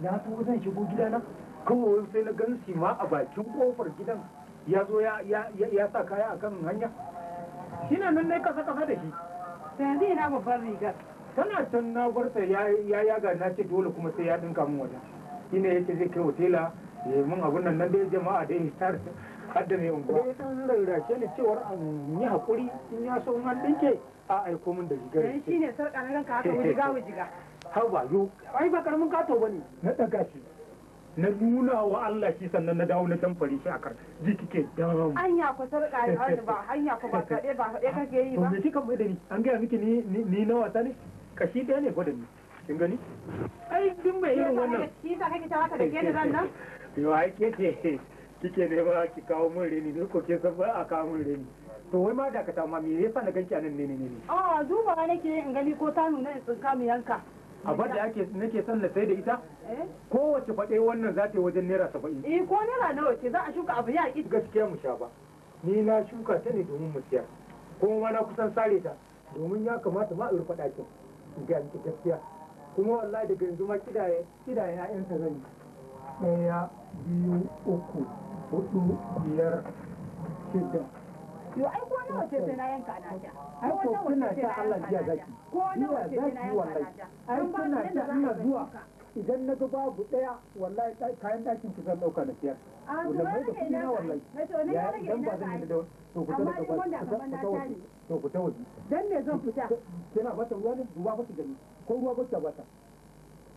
na so zan shigo gidana? Kawai sai na gan ma a bakin kofar gidan ya zo ya sa kaya a kan hanya shi na nan ne kasa kasa da shi yanzu ina babban rigar tana can na gwarsa ya yaga na ce dole kuma sai ya dinka min wajen shi ya ce zai kai hotela ya yi min abin nan nan ya jama'a da har hadda mai unguwa dai eh, san rarrake ni cewar an yi hakuri in ya so an dinke a aiko min da rigar eh, shi shine sarƙa na ranka haka wujiga wujiga hau ba yo ai ba karamin kato ne. na daga shi na nuna wa Allah shi sannan na dawo na tamfari shi a kar ji kike dam anya ku sarka ni ba hanya ku ba kade ba kade kake yi ba to me kika mai da ni an ga miki ni ni na wata ne kashi ɗaya ne ko ni kin gani ai duk mai irin wannan shi ta kake ta waka da ke da ran nan yo ai ke ce kike ne ba ki kawo mun reni ne ko ke san ba a kawo mun reni to wai ma dakata ma me yasa na ganki anan ne ne ne a duba nake in gani ko ta nuna in tsinka mu yanka abar da ake nake son na sai da ita eh? kowace faɗe wannan za ta yi wajen naira saba'in eh ko naira nawa ce za a shuka abu ya ƙi gaskiya mu sha ba ni na shuka ta ne domin mu siyar kuma ma na kusan sare ta domin ya kamata ma a rufe ɗakin gaskiya kuma wallahi daga yanzu ma kidaye kidaye na zan yi ɗaya biyu uku hudu biyar shida yo ai ko nawa ce sai na yanka na ta ai ko kuna ta Allah jiya zaki ko nawa ce sai na yanka na ta ai kuna ta ina zuwa idan na ga babu daya wallahi kayan dakin ki san dauka da siyar wallahi da kuma wallahi ya dan ba zan yi da to ku ta da ba to ku ta waje dan ne zan fita kina bata ruwa ne ruwa ba ki gani ko ruwa ba ta bata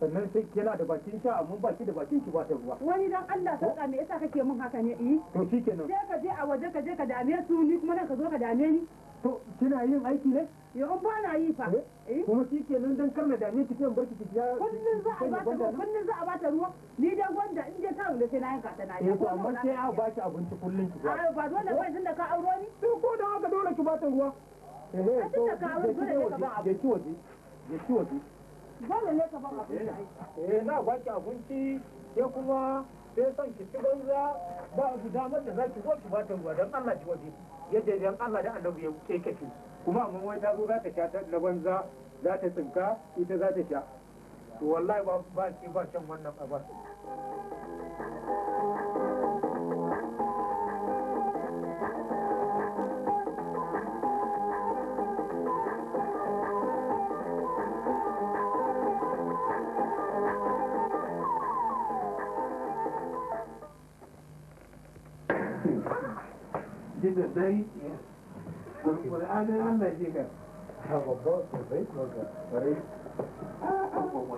sannan sai yana da bakin sha amma baki da bakin ki ba ta ruwa wani dan Allah sarka me yasa kake mun haka ne eh to shikenan sai ka je a waje ka je ka dame su ni kuma nan ka zo ka dame ni to kina yin aiki ne yo an ba na yi fa eh? Eh? kuma shikenan dan kar na dame ki sai barki ki ya kullun za a bata kullun za a ta ruwa ni dan gwanda in je ta da sai na yanka ta na ya eh, to amma sai a ki abinci kullun ki ba a ba dole ba tunda ka auro ni to ko da haka dole ki ba ta ruwa eh ka auro dole ki waje da ki waje dole ne ka ba abinci eh na baki abinci ke kuma sai son ki ci banza ba abu damar da zaki zo ki bata ruwa dan Allah ki waje yadda dan Allah da Annabi ya kai kake kuma mun wai ta zo za ta sha ta na banza za ta tsinka ita za ta sha to wallahi ba ba ki ba can wannan ba shi da dai a babba sosai ko ga ƙwarai a abubuwa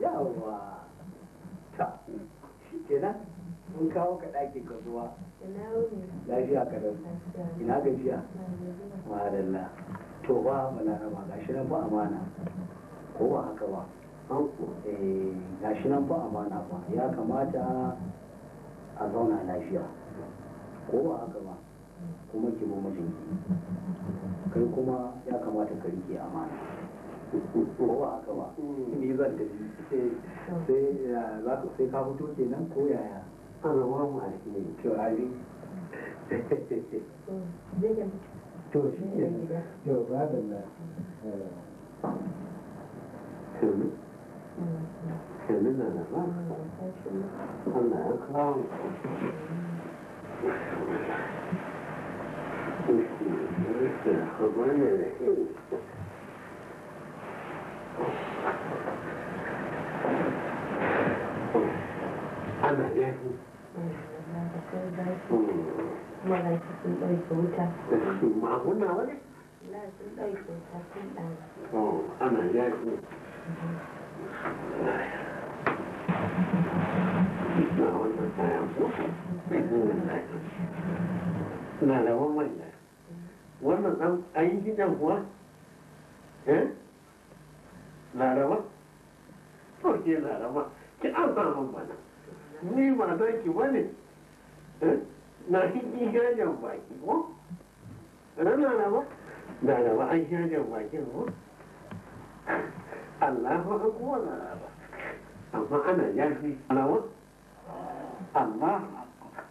yawa ta shi kenan mun kawo ka ɗakin ka zuwa lafiya ka da ina gajiya madalla to ba ga shi nan fa amana ko ba haka ba eh, ga shi nan fa amana ba ya kamata a zauna lafiya ko ba haka ba kuma ki mutunci, kai kuma ya kamata ka rike amana kowa aka mm. ni zan eh. sai eh, za sai ka ko yaya mu a cikin to ali to shi ne to ba da na na ba Allah ya kawo بسم الله ana yafi ana wannan na wannan wannan an yi gidan kuwa eh laraba to ke laraba ki an sa min bana ni ma za ki bane na hiji jajen baki ko ran laraba laraba an jajen bakin ko Allahu akbar laraba amma ana yafi laraba Allah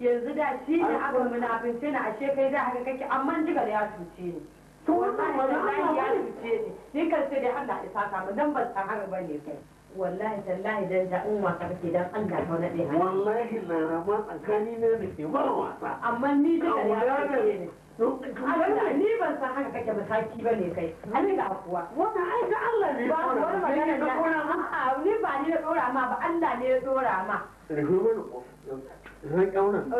yanzu da shi ne aka munafince na ashe kai da haka kake amma jigar ya cuce ni to wallahi tallahi ya cuce ni ni kan sai dai Allah ya saka mu dan ban san haka bane kai wallahi tallahi dan da in wasa kake dan Allah ka wani dai wallahi na rama tsakani ne da ke bar wasa amma ni jigar ya cuce ni Allah ni ban san haka kake mataki ba ne kai. Ani ga kuwa. Wannan ai ga Allah ne. Ba wani magana da ni ba ni da dora ma ba Allah ne ya dora ma. Rufe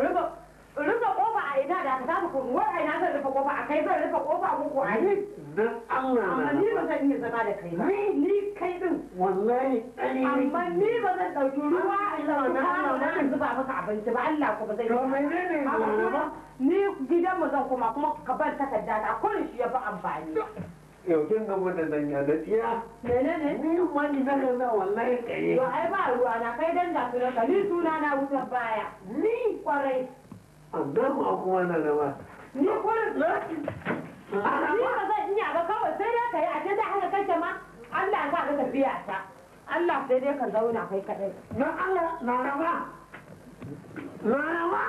rufe ƙofa a ina da ta ku kuma wai ina zan rufe ƙofa a kai zan rufe kofa muku a ni. Dan Allah na. Amma ni ba zan iya zama da kai ba. Ni kai din. Wallahi ɗani. Amma ni ba zan ɗauki ruwa a lau na na zuba maka abinci ba Allah ku ba zai. To menene ne ba? Ni gidanmu zan kuma kuma ka bar takarda ta kullum shi ya fi amfani. yau kin ga mun da danya da tsiya menene ni wani na ga na wallahi kai to ai ba ruwa na kai dan da kira ka suna na wuta baya ni kwarai amma ma kuma na da ba ni kwarai ni ba zan iya ba kawai sai da kai a ce da haka kake ma Allah ka ga tafiya ta Allah sai dai ka zauna kai kadai na Allah na rama na rama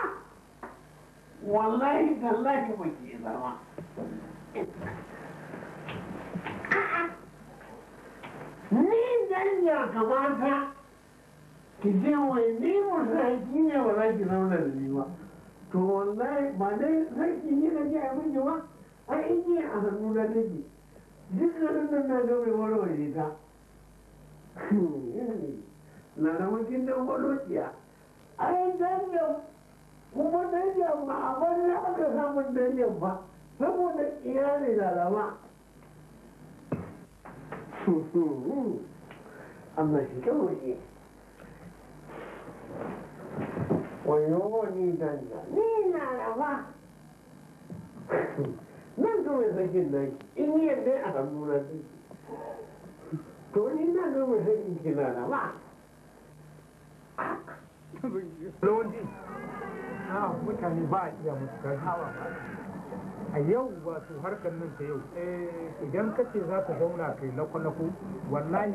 wallahi tallahi muke zama ni danya kamata ki je wai ni musaki ne ba za ki zauna da ni ba to wallahi ba dai sarki ne na ji a miji ba a inye a hannu na take duk da nan na ga mai warware ta na da makin dan balociya ai danyan kuma danyan ma a bari aka samun danyan ba saboda iyali da rama Allah shi kawai wayo ni ni na raba yadda to ni na ki raba Lodi, mutane ba a a yau wato harkar nan ta yau eh, idan ka ce za ka zauna kai lako wallahi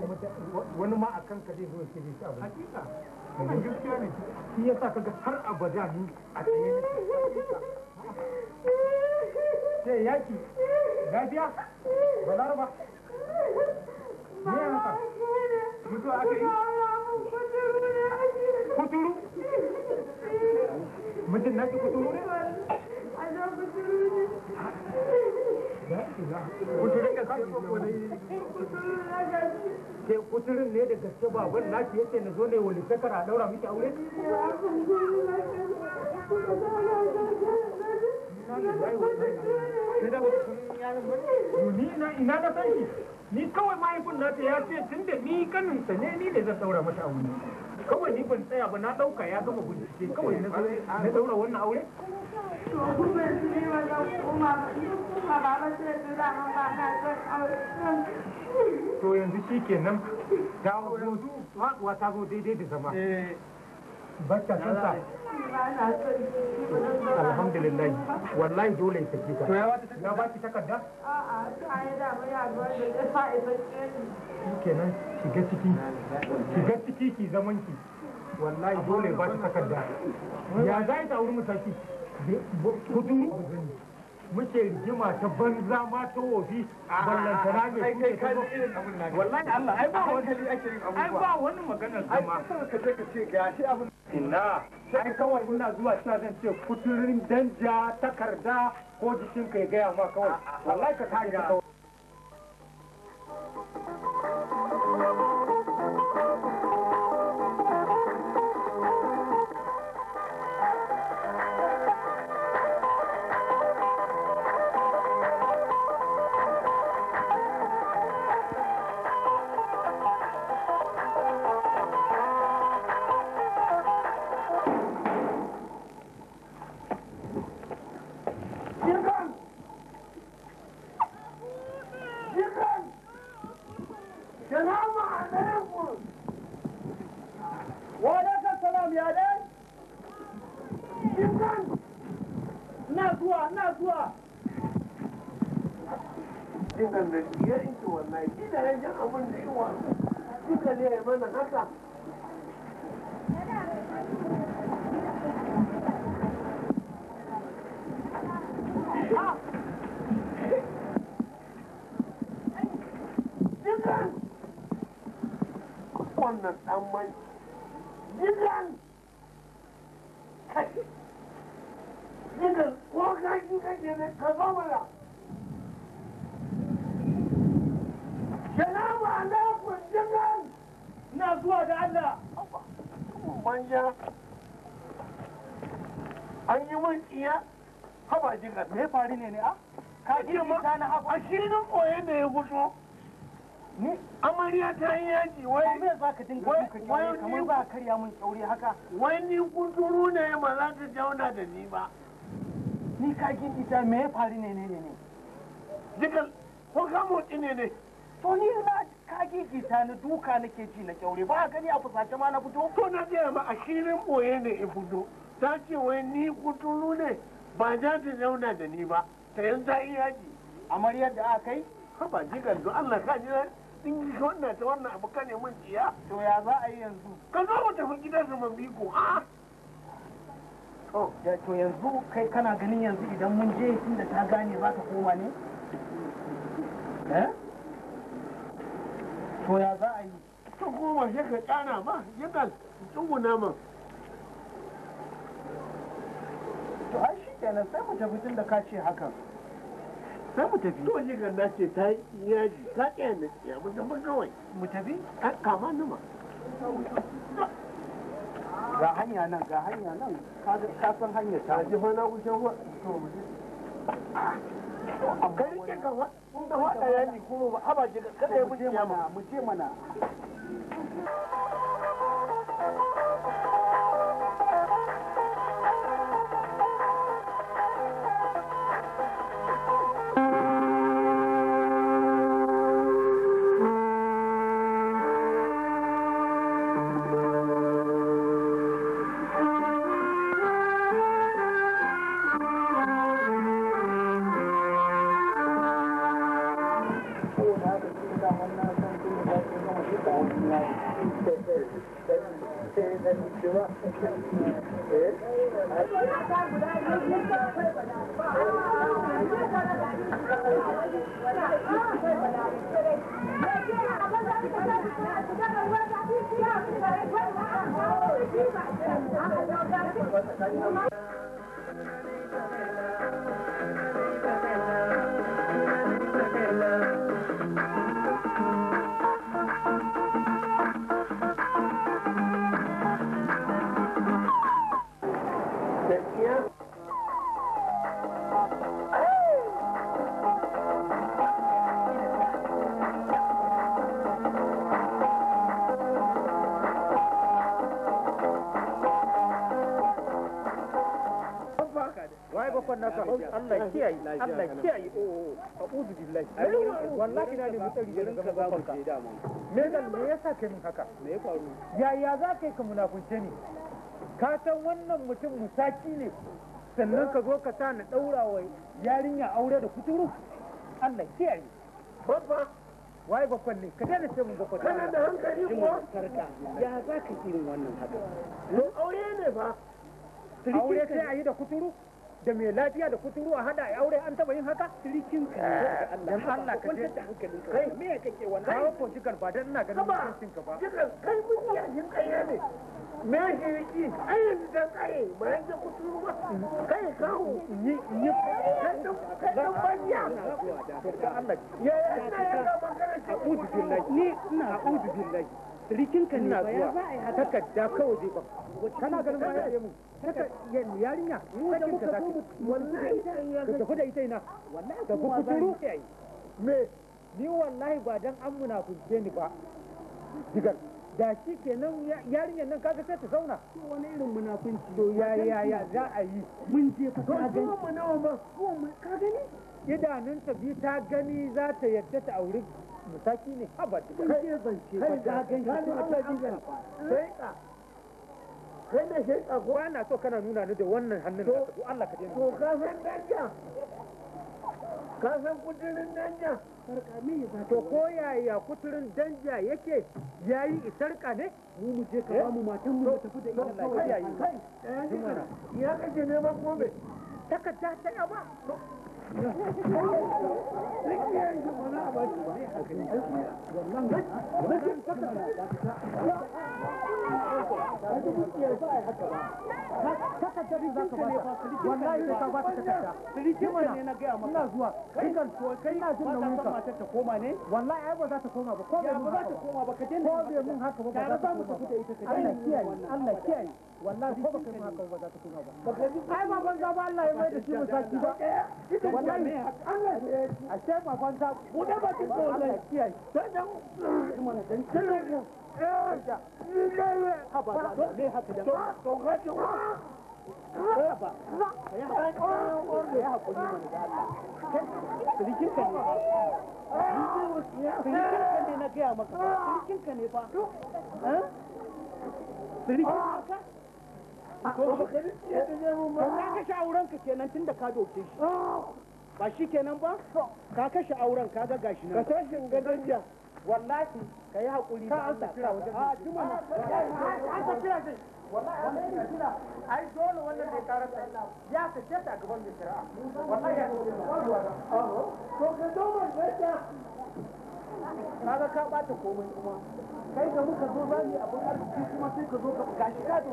wani ma a kanka zai zo shi bisa abu hakika eh, wannan gaskiya ne shi yasa ga har abada ni a tsaye ne sai yaki lafiya balaraba me ya haka mutuwa aka yi kuturu mutum na ki kuturu ne kuturin ne da gaske baban naki yace na zo ne wani sakar a daura miki aure Ni ina na sani ni kawai mahaifin nata ya ce tun da ni kaninsa ne ni ne zan daura mata aure kawai ni ban tsaya ba na ɗauka ya gama bincike kawai na daura wannan aure to kuma ne wannan kuma kuma ba ba sai da ran ba ta san aure to yanzu shikenan ta zo wata zo daidai da zama eh. bacca san alhamdulillah wallahi dole ta kika to ya wata takarda a'a ta da mai da ya sa ce ciki ciki ki zaman ki wallahi dole ba ki takarda ya zai ta wurin mutaki kuturu muke rigima ta banza ma ta wofi ballantana mai kuke ta zo wallahi Allah ai ba wani ake yin abubuwa ai ba wani maganar ma ai ka je ka ce ga shi abu ina sai kawai ina zuwa ina zan ce kuturin danja takarda ko jikin ka ya gaya ma kawai wallahi ka tare ka kawai gini ka zo na zuwa da Allah manja an yi mun tsiya haba jingan me faru ne ne a ka iya ma. ashirin koye ne ya guso amarya ta yi yaji wai me za ka dinga duka kamar ba karya mun kyauri haka wai ni kuturu ne ba za ta jauna da ni ba ni kakin isa me ya faru ne ne ne ne ko ga ne ne to ni na kaki isa ni duka nake ji na kyaure ba gani a fusace ma na fito to na ga ma a shirin boye ne in fito ta ce wai ni kuturu ne ba za ta zauna da ni ba ta yanzu iya ji amaryar da aka yi haba jikal don Allah ka ji in ji wannan ta wannan abu ka ne mun ciya to ya za a yi yanzu ka zo mu tafi gidan su mambiko Oh, to yanzu kai kana ganin yanzu idan mun je tun da ta gane za ta koma ne? Eh? to ya za a yi? ta koma shi ka tsana ba yakan tsuguna man to ai shi kenan sai mu tafi tun da ka ce hakan sai mu tafi to shi kan dace ta yaji ta tsaya na mu tafi kawai mu tafi kama nima ga hanya nan ga hanya nan ka san hanyar ta ji fa na wucin wa to mu ji ka rike kan wa kun da wa daya ni kuma ba haba ji kada ya buje mana mu je mana Thank you. naka hau Allah kiyaye Allah kiyaye o oh, oh, oh, a'udhu billahi wallahi na ne mutsari da ranka za mu je da mu me dal me yasa kai mun haka me ya faru yaya za kai ka munafunce ne ka san wannan mutum musaki ne sannan ka zo ka sa na ɗaura wa yarinya aure da kuturu Allah kiyaye babba waye bakon ne ka daina ce mun bakon kana da hankali ya za ka irin wannan haka to aure ne ba aure sai a yi da kuturu da mai lafiya da kuturu a hada a aure an taba yin haka sirikin ka eh, da Allah ka je da hankalin ka ka ba dan ina ganin mutuncin ka ba kai mun ya yin kai ne me ai kai ba kai kawo ni ni kai ya ya ya ni ina rikin ka ne ba ya za a yi haka takarda kawai zai ba kana ganin ma ya mu yarinya sakin ka za ka tafi da ita ina ka fi kuturu me ni wallahi ba dan an munafunce ni ba digar da shi kenan nan kaga sai ta zauna wani irin munafunci to ya ya ya za a yi mun je fa ka mu nawa ba ka gani idanunta ta gani za ta yadda ta aure musaki ne haba kai ban ce ba da gan shi Allah ji ka sai ka kai ne shi ka ko ana so kana nuna ni da wannan hannun da to Allah ka dena to ka san danja ka san kuturin danja sarka me ya to ko yaya kuturin danja yake yayi isarka ne mu mu je ka eh? ba mu matan mu ta tafi da ita kai kai ya kace neman gobe takarda ta yaba wallahi da ta ba ta na gaya maka ina zuwa kai kai ina ba za ta koma ba ba bai mun haka ba ba za ta koma ba Allah kiyaye wallahi ko baka ma kuma ba Allah ya mai da shi musaki ba Allah ya ba mu ba kin kiyaye sai dan eh, mana dan ne na gaya maka, ah. ne fa. Ka kashe auren ka kenan tun da ka doke shi. Ba shi kenan ba? Ka kashe auren ka ga gashi nan. Ka tashin Wallahi ka yi haƙuri da Allah ka ah, A juma na. An ka kira shi. ka kira. ta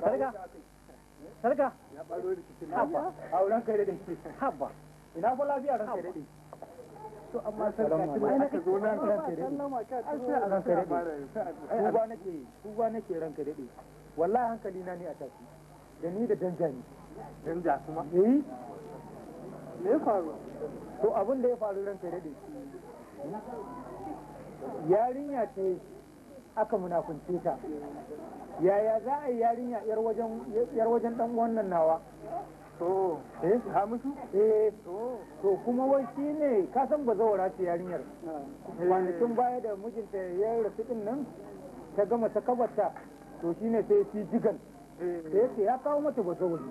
sarka sarka ya auren kai da haba ina fa lafiya ran kai da dai to amma sarka ki mai naka zo nan ran kai da dai ran kai da nake nake ran kai da dai wallahi hankali na ne a tafi da ni da danja ne danja kuma eh me ya faru to abin da ya faru ran kai da yarinya ce aka munafunce ta yaya za a yi yarinya yar wajen dan wannan nawa to eh hamisu eh to kuma wai shi ne ka san ba zawara ce yarinyar eh. kwanakin baya da mijinta ya rasu din nan ta gama ta kabarta to shi ne sai shi jigan eh. da ya kawo mata ba zawari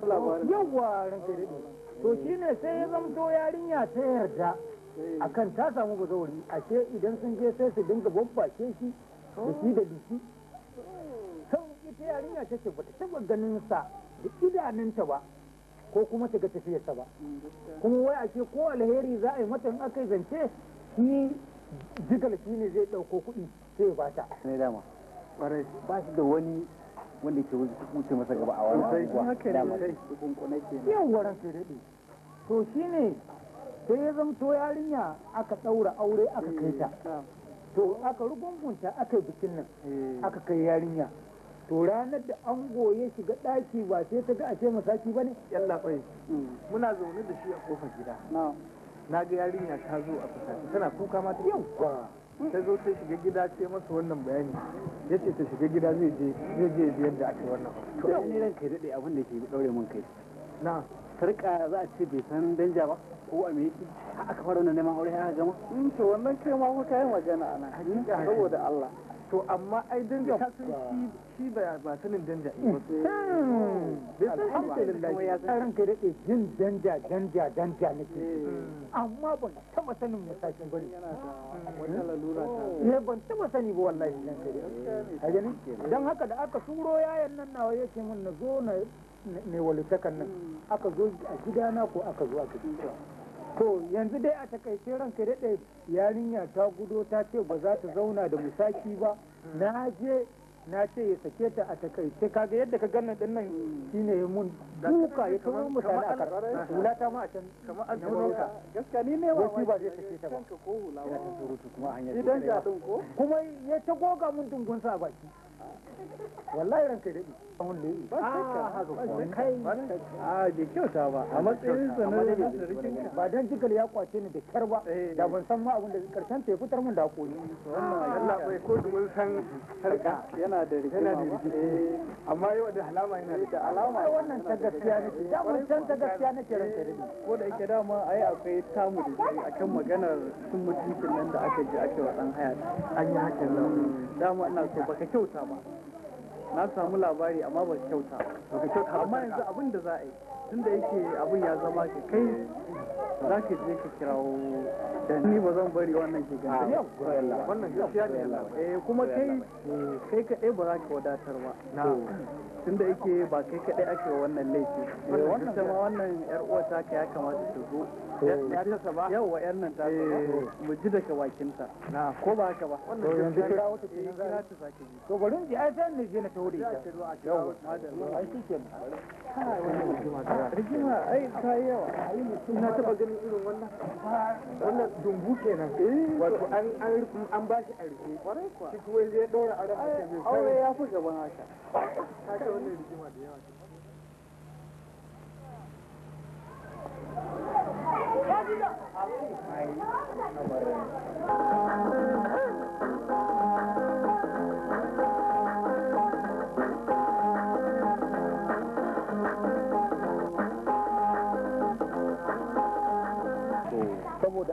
yawwa ranka da to shi ne sai ya zamto yarinya ta yarda eh. akan ta samu ba zawari ashe idan sun je sai su dinga ke shi da shi da biki sau ita yarinya ce ce bata taba ganin sa da idanunta ba ko kuma ta ga tafiyarsa ba kuma wai a ce ko alheri za a yi mata in aka yi zance shi jigal shi ne zai ɗauko kuɗi sai ya bata ne dama ƙwarai ba shi da wani wanda ke wuce masa gaba a wani abubuwa dama yawa ranka daɗe to shi ne sai ya zamto yarinya aka ɗaura aure aka kai ta to aka rugungunta aka yi bikin nan eh. aka kai yarinya to ranar da an goye shiga ɗaki ba sai ta ga a ce masaki ba ne yalla muna zaune da shi a kofar gida na ga yarinya ta zo a kusa. tana kuka ma ta yawa ta zo ta shiga gida ce masa wannan bayani ya ce ta shiga gida zai je zai je biyar da aka wannan to ne ranka kai daɗe abin da ke daure mun kai na sarƙa za a ce bai san danja ba ko a me mm, to ma magana ana hakika saboda amma ai danja ka san shi ba ba sanin danja ba sai hmm. hmm. ya jin danja danja danja nake hmm. amma ban taba sanin bane ta eh, sani ba wallahi nan gani dan haka da aka turo yayan nan nawa yake mun na zo na ne walitakan nan aka zo a gidana ko aka zo a gidana to yanzu dai a takaice ranka daɗe yarinya ta gudo ta ce ba za ta zauna da musaki ba na je na ce ya sake ta a takaice kaga yadda ka ganna ɗin nan shi ne mun duka ya kawo mutane a karɓar hula ta ma a can an tuno ka gaskiya ni ne ba ba zai sake ta ba idan ja ko kuma ya ta goga mun dungun sa baki wallahi ranka dai ne ba ah, kai a da ah, kyauta ba a matsayin sa na ba dan jikal ya kwace ni da kyar ba eh. da ban san ma abin da karshen ta fitar mun da koyi eh, Allah bai ko mun san harka yana da rigima eh, amma yau da alama yana da alama wannan ta gaskiya ne da mun san ta gaskiya ne ke ranka dai ko da yake dama ai akwai tamu da a kan maganar sun mutuncin nan da aka ji ake wa dan haya an yi hakan nan dama ina so baka kyauta ba na samu labari amma ba kyauta amma yanzu abin da za a yi da yake abin ya zama ka kai za ka je ka kirawo da ni ba zan bari wannan ke gani ah, wannan gaskiya ne eh kuma kai kai kadai ba za ka wadatar ba tun da yake ba kai kadai ake wannan laifi wannan eh, ma wannan yar uwa ta ka ya kamata ta zo Eh, yau yan nan ta eh. mu ji daga wakinta na ko ba haka ba wannan yanzu kira wata ce nan za ta sake ji to bari ji ai san ne je na taure ta yau ai shi ke rigima ai ta yawa ai mutum na taba ganin irin wannan wannan dumbu kenan eh, wato an an an ba shi a kwarai kuwa shi kuma ya dora a ran aure ya fi gaban haka kaga wannan rigima da yawa saboda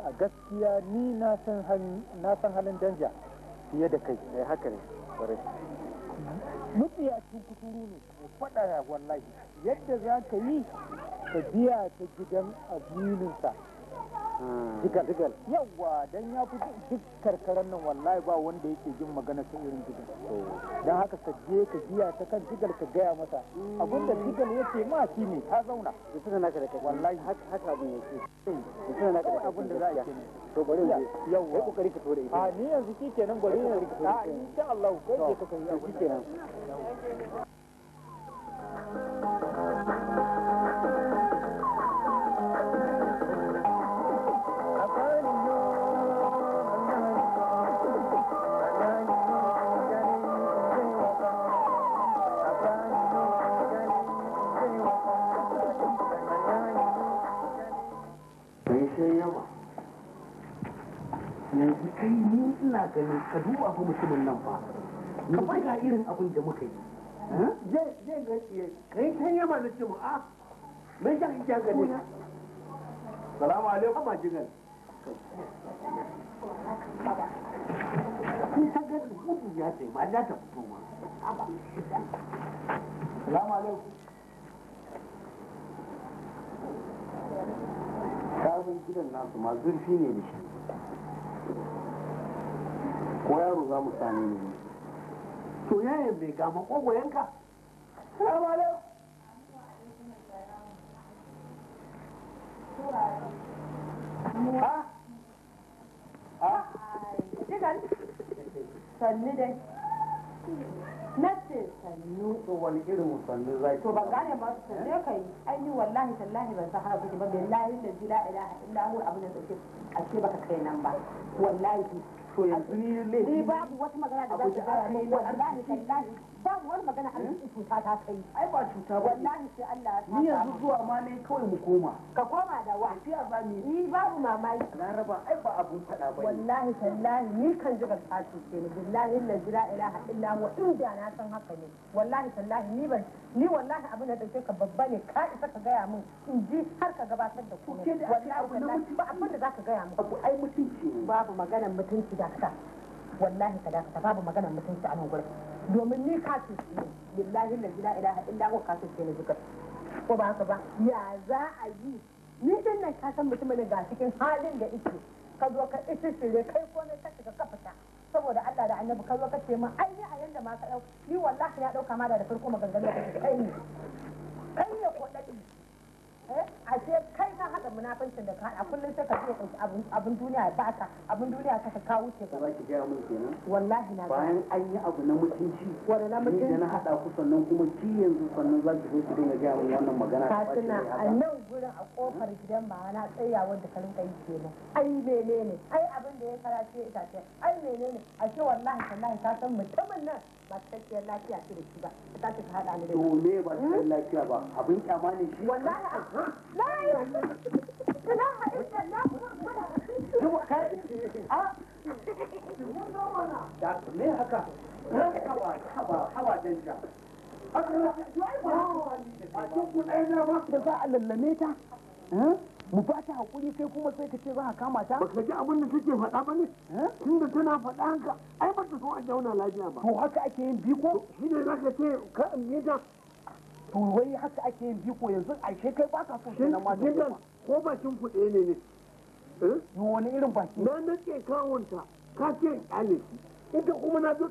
a gaskiya ni na san halin danja fiye da kai mai eh, haka ne ya cin kuturu ne faɗa ya wallahi yadda za ka yi ka biya ta gidan abininsa Hmm. Digal digal. Yawwa dan ya fi duk karkaran nan wallahi ba wanda yake jin magana ta irin digal. Dan haka ka je ka biya ta kan digal ka gaya masa. Hmm. Abin da digal yake ma shi ne ka zauna. Da tuna naka da kai. Wallahi haka haka abin yake. Da hmm. tuna naka da kai. Abin da za a yi. To bari mu je. Kai kokari ka tore ita. A ni yanzu shikenan bari ne. A insha Allah kai ke ka kai. Shikenan. Thank you. abin da muka yi eh? zai ga kai a mai ah, nasu ma zurfi ne da shi ko yaro za mu sami ne soyayyen mai ga makogwayenka salamu alaikum sannu dai na ce sannu to wani irin sannu zai to ban gane ba su ne kai an yi wallahi tallahi ban san haka kuke ba billahi la ilaha illa hu abin da kake a ce baka kai nan ba wallahi to yanzu eh, da za ta fara mai hmm? ba ne kawai mu koma ka koma da wa a ni abun kan ji gaskiya jira ilaha na san haka ne wallahi ni ban ni wallahi abin da take ka babba ne ka gaya min in ji har ka gabatar da wallahi ba abin zaka gaya min ai mutunci babu maganar mutunci da ka wallahi ka dakata babu maganar mutunci a nan gurin domin ni ka ce billahi la ila ilaha illa ko ka ce ni zikir ko ba haka ba ya za a yi ni din nan ka san mutumin da cikin halin da yake ka zo ka ne kai ko ne ka shiga ka fita saboda Allah da Annabi ka zo ka ce ma ai ni a yanda ma ka dauka ni wallahi ya dauka ma da farko maganganun da kake kai ne kai ne ko dadi Eh? a ce kai ka haɗa munafancin da ka haɗa kullum sai ka je ɗauki abin duniya ya baka abin duniya ka ka kawo ce ka ki gaya mun kenan wallahi na bayan an yi abu na mutunci wani na mutunci ni da na haɗa ku sannan kuma ki yanzu sannan za ki zo ki dinga gaya mun wannan magana ka tuna a nan gurin a kofar gidan ba na tsaya wanda ka rinka yi kenan ai menene ai abin da ya karace itace ai menene a ce wallahi wallahi ka san mutumin nan ba lafiya ce da shi ba ta ce ta haɗa ni da shi me ba cikakkiyar lafiya ba abin kyama shi wallahi ah, la a ah. ah. da me haka danja a na ba za a lallame ta hm? mu ba ta hakuri kai kuma sai ka ce za ka kama ta baka ji abin da take faɗa ba ne eh? tunda tana faɗa haka ai ba ta so a jauna lafiya ba to haka ake yin biko shi ne za ka ce ka me to wai haka ake yin biko yanzu a kai ba ka so kenan ma da ko bakin kuɗe ne ne eh? wani irin baki na nake kawunta ka ce kyale ita kuma na duk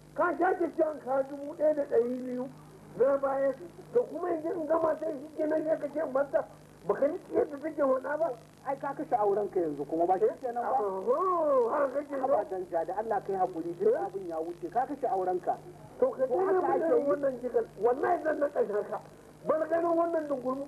ka sha kyakkyawan ka dubu ɗaya da ɗari biyu na baya to kuma yanzu in gama sai shi ke nan yaka ce mata ka ni ciyar da take wana ba ai ka kashe auren ka yanzu kuma ba shi nan ba har kake ba dan ja da Allah kai hakuri duk eh? abin ya wuce ka kashe auren ka to ka dole yi wannan jigal wannan zan na kashe ka bar ganin wannan dungurmu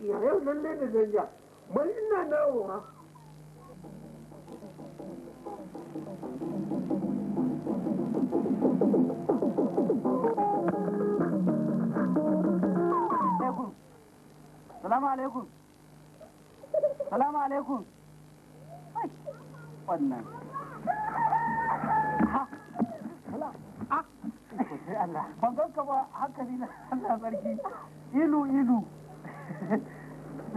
ciki a yau lallai da canja bari ina dawowa Salamu alaikum. Salamu alaikum. Wannan. Ah. Ban ganka ba hankali na Allah sarki. Ilu ilu.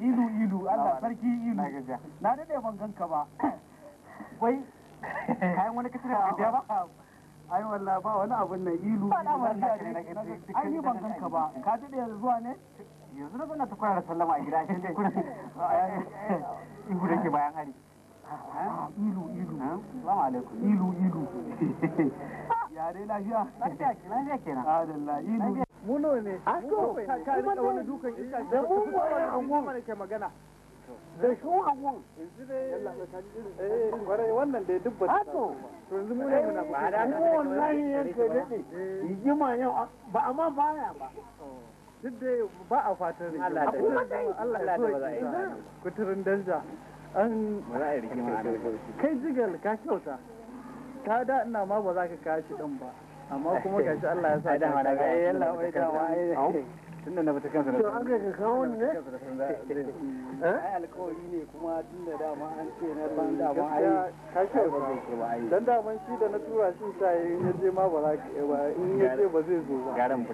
ilu ilu Allah sarki ilu na dade ban ganka ba wai kayan wani kace da biya ba ai wallahi ba wani abun nan ilu ai ni ban ganka ba ka dade yanzu zuwa ne yanzu na zo na ta kwana sallama a gida shi dai kuna ihu da ke bayan hari ilu ilu salamu lafiya lafiya kenan adalla ilu ne asko ka wani dukan iska da mu wani angon da ke magana da shi angon yanzu dai yalla ka ji irin kwarai wannan dai dubba ato to yanzu mu ne muna ba da mu wallahi yanke dade ma yau ba amma baya ba duk ba a fatan Allah da Allah da ba za a yi kuturin danja an kai jigal ka kyauta ta da ina ma ba za ka kashi ɗan ba amma kuma gashi Allah ya sa ka yalla eh, mai dama ai tunda na bata kansa ka kawo ne eh? ai alƙawari ne kuma da dama an ce na ban dama ai ka ce ba zai ce ba ai dan dama shi da na tura shi ta in ya je ma ba za ka ba in ya ce ba zai zo ba garan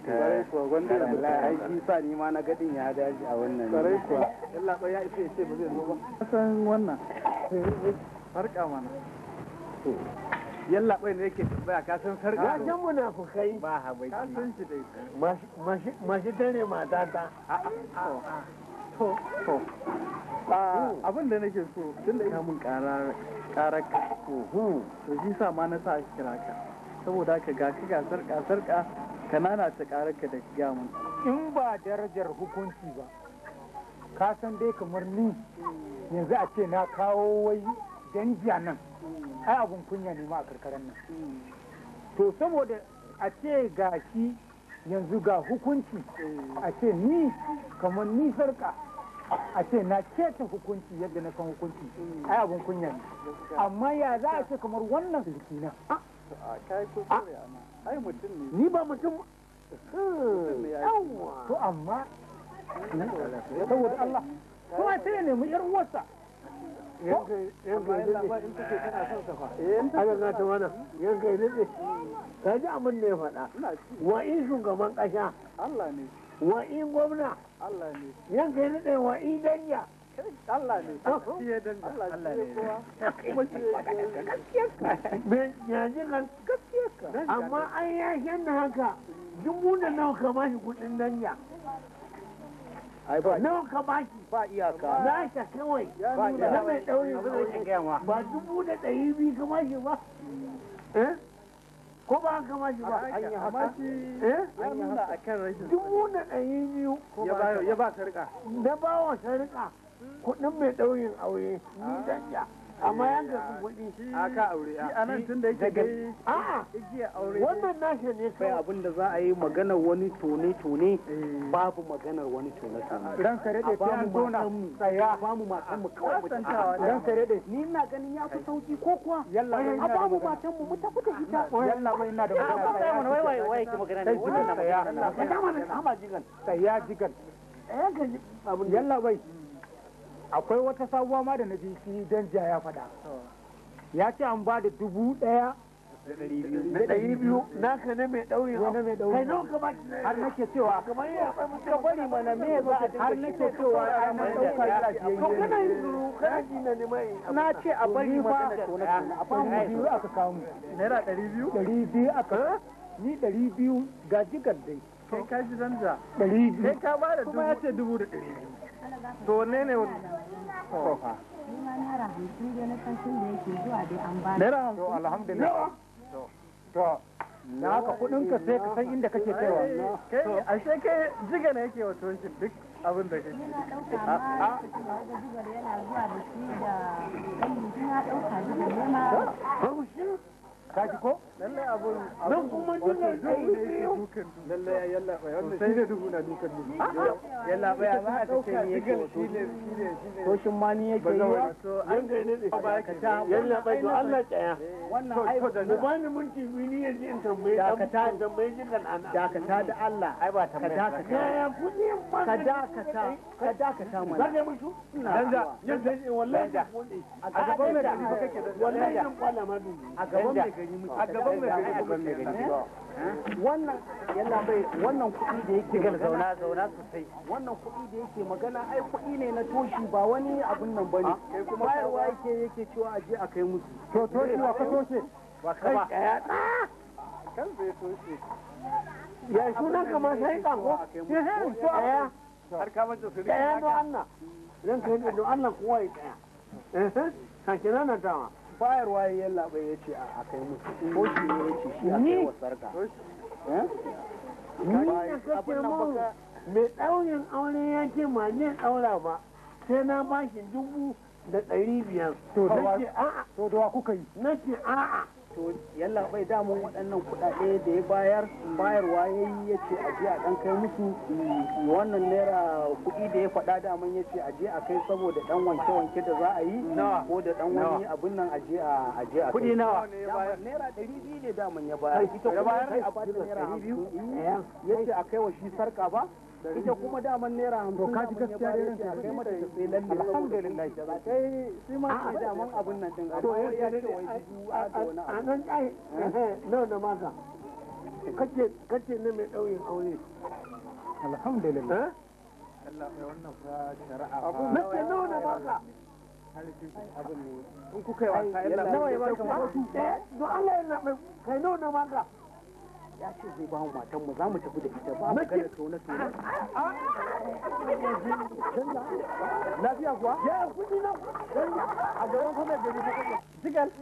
kuwa gwanda da bala ai sa ni ma na gadin ya daji a wannan garai kuwa Allah ya ife ce ba zai zo ba san wannan farka mana yalla bai ne yake tambaya ka san sarka ya san munafukai ba ha bai ka san shi dai mashi mashi mashi tare matata to to abin da nake so tun da ina mun karar karar ka to shi sa ma na sa shi kira ka saboda ka ga ka sarka sarka kanana ta karar ka da shiga mun in ba darajar hukunci ba ka san dai kamar ni yanzu a ce na kawo wai jiya nan ai abun kunya ne ma a karkaran nan to saboda a ce ga shi yanzu ga hukunci a ce ni kamar ni sarka a ce na keta hukunci yadda na san hukunci ai abun kunya ne amma ya za a ce kamar wannan na ni ba mutum to amma saboda Allah kuma sai ya nemi yar uwarsa yanka ya daɗe ka ji abin da ya faɗa wa in shugaban ƙasha wa in gwamna yanka ya daɗe wa in danya Allah ne, Allah ne, Allah ne, kuma Amma an haka, dubu da nawa ka bashi kudin danya. ai ba nawa ka baki ba iyaka na kawai ba na mai dauri da ba dubu da ɗari biyu ka ba eh? ko ba an ba an yi haka eh an yi haka akan rashin dubu da ɗari biyu ya ba ya ba sarka da ba wa sarka kuɗin mai ɗaurin aure ni dan amma yan da sun kuɗi shi a ka aure a nan tun da yake gari a igiya aure wannan nashi ne kai abin da za a yi magana wani tone tone eh. babu maganar wani tone tone ran kare da ta zona tsaya ba mu matan mu kawai ran kare da ni ina ganin ya fi sauki ko kuwa yalla a ba mu matan mu mu tafi da ita yalla wai ina da magana ba mu wai wai wai ki magana ne wannan tsaya amma jigan tsaya jigan eh ga abin yalla wai akwai wata sabuwa ma da na ji shi danja ya faɗa oh. ya ce an ba da dubu ɗaya da ɗari biyu na ka ɗaurin na mai ɗaurin kai nawa gaba har nake cewa kamar ya ka kwari mana me ba a har nake cewa ai mun ɗauka ya ce yi kana yi zuru kana ji na ne na ce a bari fa a fa mu biyu aka kawo mu naira ɗari biyu ɗari biyu aka ni ɗari biyu gaji dai kai ka ji zanja ɗari biyu kai ka ba da kuma ya ce dubu da ɗari biyu to wanne ne wani kofa naira hamsin da da yake zuwa dai an ba to alhamdulillah to haka kudin ka sai ka san inda kake kaiwa to jiga yake wa duk abin da kake a a ko lallai abun nan kuma yalla wannan ne na yalla ya ba ta ce ne yake shi ne shi ne to shin ma ni yake yi to an ga ne ba ka ta yalla fa to Allah tsaya eh. wannan ai ba ni mun ni yanzu in tambaye dan ka ta tambaye an da ka ta da Allah ai ba ta ka da ka ta ka da ka ta ka da ka ta mana zan mutu yanda yanda wallahi a gaban da kake da wallahi a gaban da gari wannan yana bai wannan kuɗi da yake magana zauna sosai wannan kuɗi da yake magana ai kuɗi ne na toshi ba wani abun nan ba ne bane ah, bayarwa yake yake cewa a je a kai musu to toshi wa ka toshe ba ka ba ya kaya ah! kan zai toshe ya sunan kamar sai ko? kaya eh, eh. har ka manta su kaya don Allah ran kai don Allah kuwa ya kaya eh, eh. kan kenan nan dama bayarwa ya yallaba ya ce a kai musu ko shi ne ya ce shi a kai wa sarka eh? mai ɗaurin aure ya ce ma ne ɗaura ba sai na bashi dubu da ɗari biyar to da a'a to da wa kuka yi na ce a'a to yalla bai damun waɗannan kuɗaɗe da ya bayar bayarwa ya yi ya ce aje a ɗan kai musu wannan naira kuɗi da ya faɗa daman ya ce aje a kai saboda ɗan wanke-wanke da za a yi ko da ɗan wani abin nan aje a aje a kuɗi nawa naira ɗari biyu ne daman ya bayar ita kuma sai a ba ta naira hamsin eh. ya ce a kai wa shi sarka ba ita kuma daman naira hamsin ka ji gaskiya irin ta kai mata sai lalle alhamdulillah ba kai shi ma ke daman abun nan din to ya ce wai duwa to na anan ai no na maka kace kace ne mai dauyin aure alhamdulillah eh? Allah ya wannan fa shari'a fa nace no na maka abun ne in kuka yi wasa Allah ya baka wasu eh don Allah ya kai no na maka ya ce zai ba matan mu za mu tafi da ita ba mu gane lafiya kuwa ya kudi na a kuma gari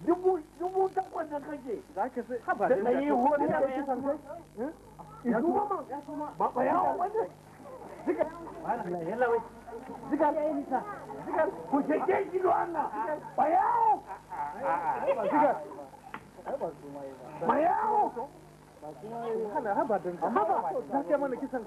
dubu dubu takwas da kake za ka sai da hori da kake san sai hm? ya ya kuma ba ba ya ya yi nisa ku Allah ba ya haba don haba mana kisan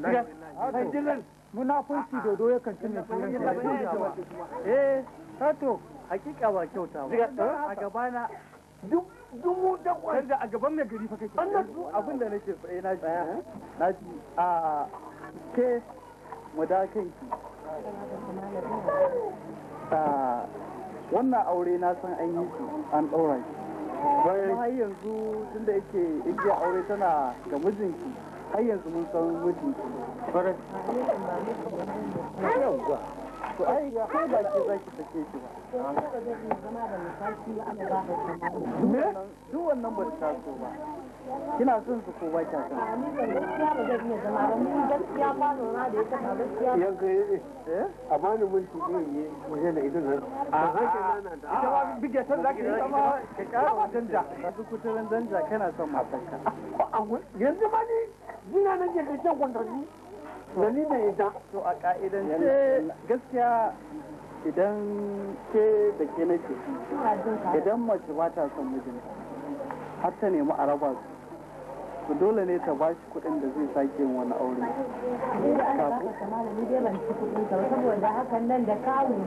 na kai da munafunci dodo shi eh sato hakika ba kyauta ba a dubu da kwai a gaban mai gari wannan su abin da nake faɗe na na a ke mu da kanki wannan aure na san an yi su an ɗaura shi har yanzu tun da yake igiyar aure tana ga mijinki har yanzu mun san mijinki to ai ya ba ke zaki sake shi ba me duk wannan ba ta so ba kina son su ko eh amma ni mun ne da idan nan a hankali nan da ba bige san zaki da ka su danja kana son matanka yanzu ma ni nan ke kan kwantarni dalilin ita to a ka'idance gaskiya idan ke da ke nake idan mace ba ta son mijinta har ta nemi a raba su to dole ne ta bashi kuɗin da zai sake wani aure wato da kenan da kawun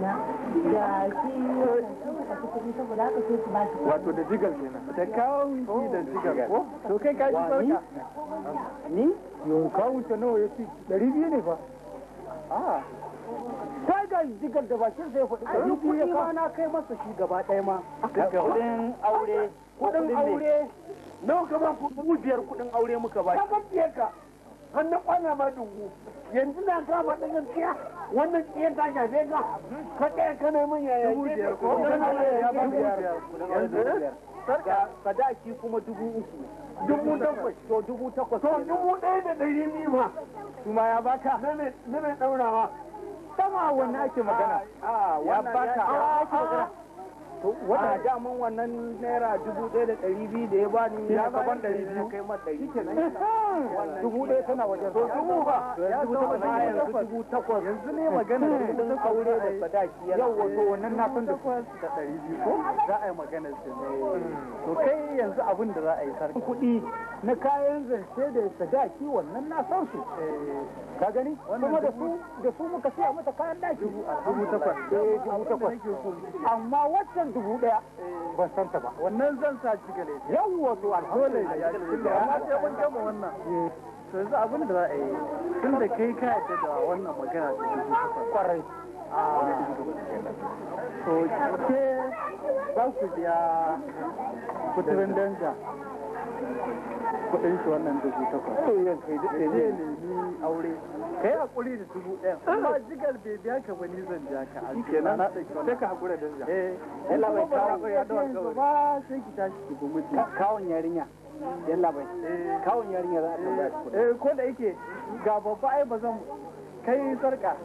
shi da oh, ko kai ni yau nawa ya ɗari biyu ne fa ah. a ga jigar da bakin sai faɗi ɗari biyu ya kawo na kai masa shi gaba ɗaya ma da kuɗin aure kuɗin aure nawa ka ba ku dubu biyar kuɗin aure muka ba ka biyar ka har na kwana ma dubu yanzu na ka ba ɗan gaskiya wannan tsiyar ta shafe ka ka tsaya ka neman yaya dubu biyar ko ya ba biyar kuɗin eh? sarka sadaki kuma dubu uku dubu takwas to dubu takwas to dubu ɗaya da ɗari ni ma kuma ya baka na mai ɗaurawa sama wannan ake magana ya baka wata ah. daman wannan naira dubu ɗaya da ɗari biyu da ya bani ya na ɗari biyu kai ma ɗari dubu ɗaya tana wajen to dubu ba ya dubu na yanzu dubu takwas yanzu ne magana da hmm. kudin aure da sadaki yau wato eh, wannan na san da ɗari biyu ko za a yi magana su to kai yanzu abin da za a yi sarki kuɗi na kayan zance da sadaki wannan na san su eh. ka gani kuma da su da su muka siya mata kayan daki dubu eh, takwas amma waccan dubu daya eh, ban san ta ba wannan zan sa shi gale yawwa to alhamdulillah ya shi amma sai mun gama wannan eh. to yanzu abin da za a yi tun da kai ka yadda da wannan magana da dubu takwas kwarai ah. to ke za su biya kuturin danja kudin shi wannan dubu takwas to yin kai da ne ni aure kai hakuri da dubu ɗaya ah. amma jigar bai biya ka ba ni zan ja ka a kenan na ɗauki wannan sai ka hakura da ja eh yalla bai kawo ya da wannan ba sai ki tashi ki bu miji kawon yarinya yalla bai eh. kawon yarinya za a tambaya kuɗi eh ko da yake ga babba ai ba zan kai sarka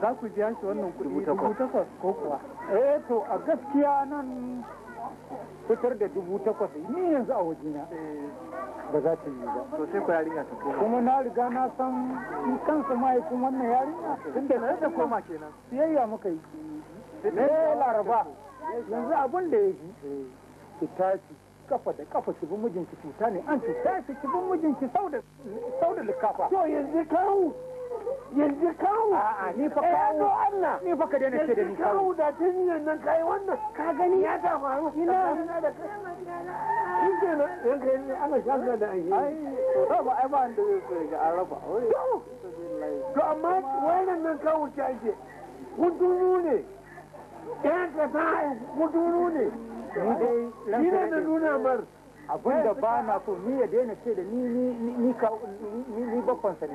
za ku biya shi wannan kuɗi dubu takwas ko kuwa eh to a gaskiya nan fitar da dubu takwas ni yanzu a wajena ba za ta yi ba. To sai ku yarinya ta koma. Kuma na riga na san in kansa mahaifin wannan yarinya tunda na da koma kenan. Siyayya muka yi. Ne eh, laraba yanzu abin da ya yi ki tashi kafa da kafa ki bi mijinki cuta ne an tashi ki bi mijinki sau da likafa. To yanzu kawo yanzu kawo a'a ni fa eh, kawo Allah ni fa ka daina ce da ni kawo da tun yanzu kai wannan ka gani ya ta faru ina da shi yan kai ne ana shaka da ba ai ba da ga arafa to amma nan kawo ake ne yan ka ta ne ni dai ni ne nuna mar abin da ba na so ni ya daina ce da ni ni ni ka ni ni babban sani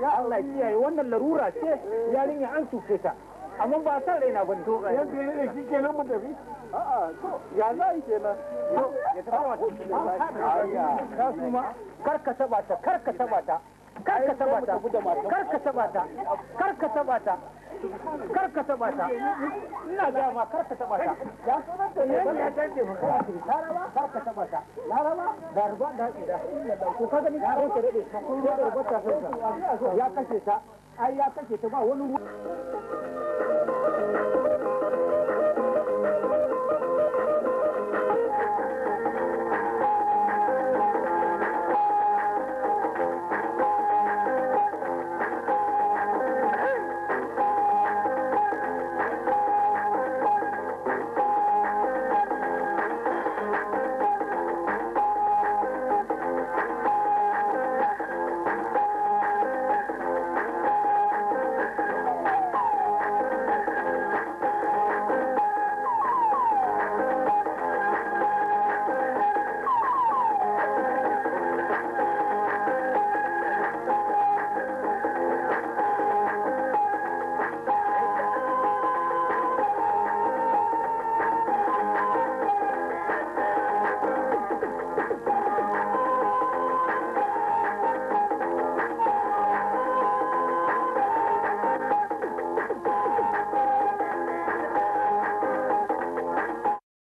ya Allah ya kiyaye wannan larura ce yarinya an tuke ta amma ba san rai na bane to yanzu ne ne kike nan mu tafi a a to ya za yi kenan ya tafi wata ka suma kar ka taba ta kar ka taba ta kar ka taba ta kar ka taba ta kar ka taba ta ina ga ma kar ka taba ta ya so nan da ne ya tante ba kar ka laraba kar ka taba ta laraba da ruba da ida ko kaga ni ko ta rede ko ya ruba ta ya kace ta ai ya kace ta ba wani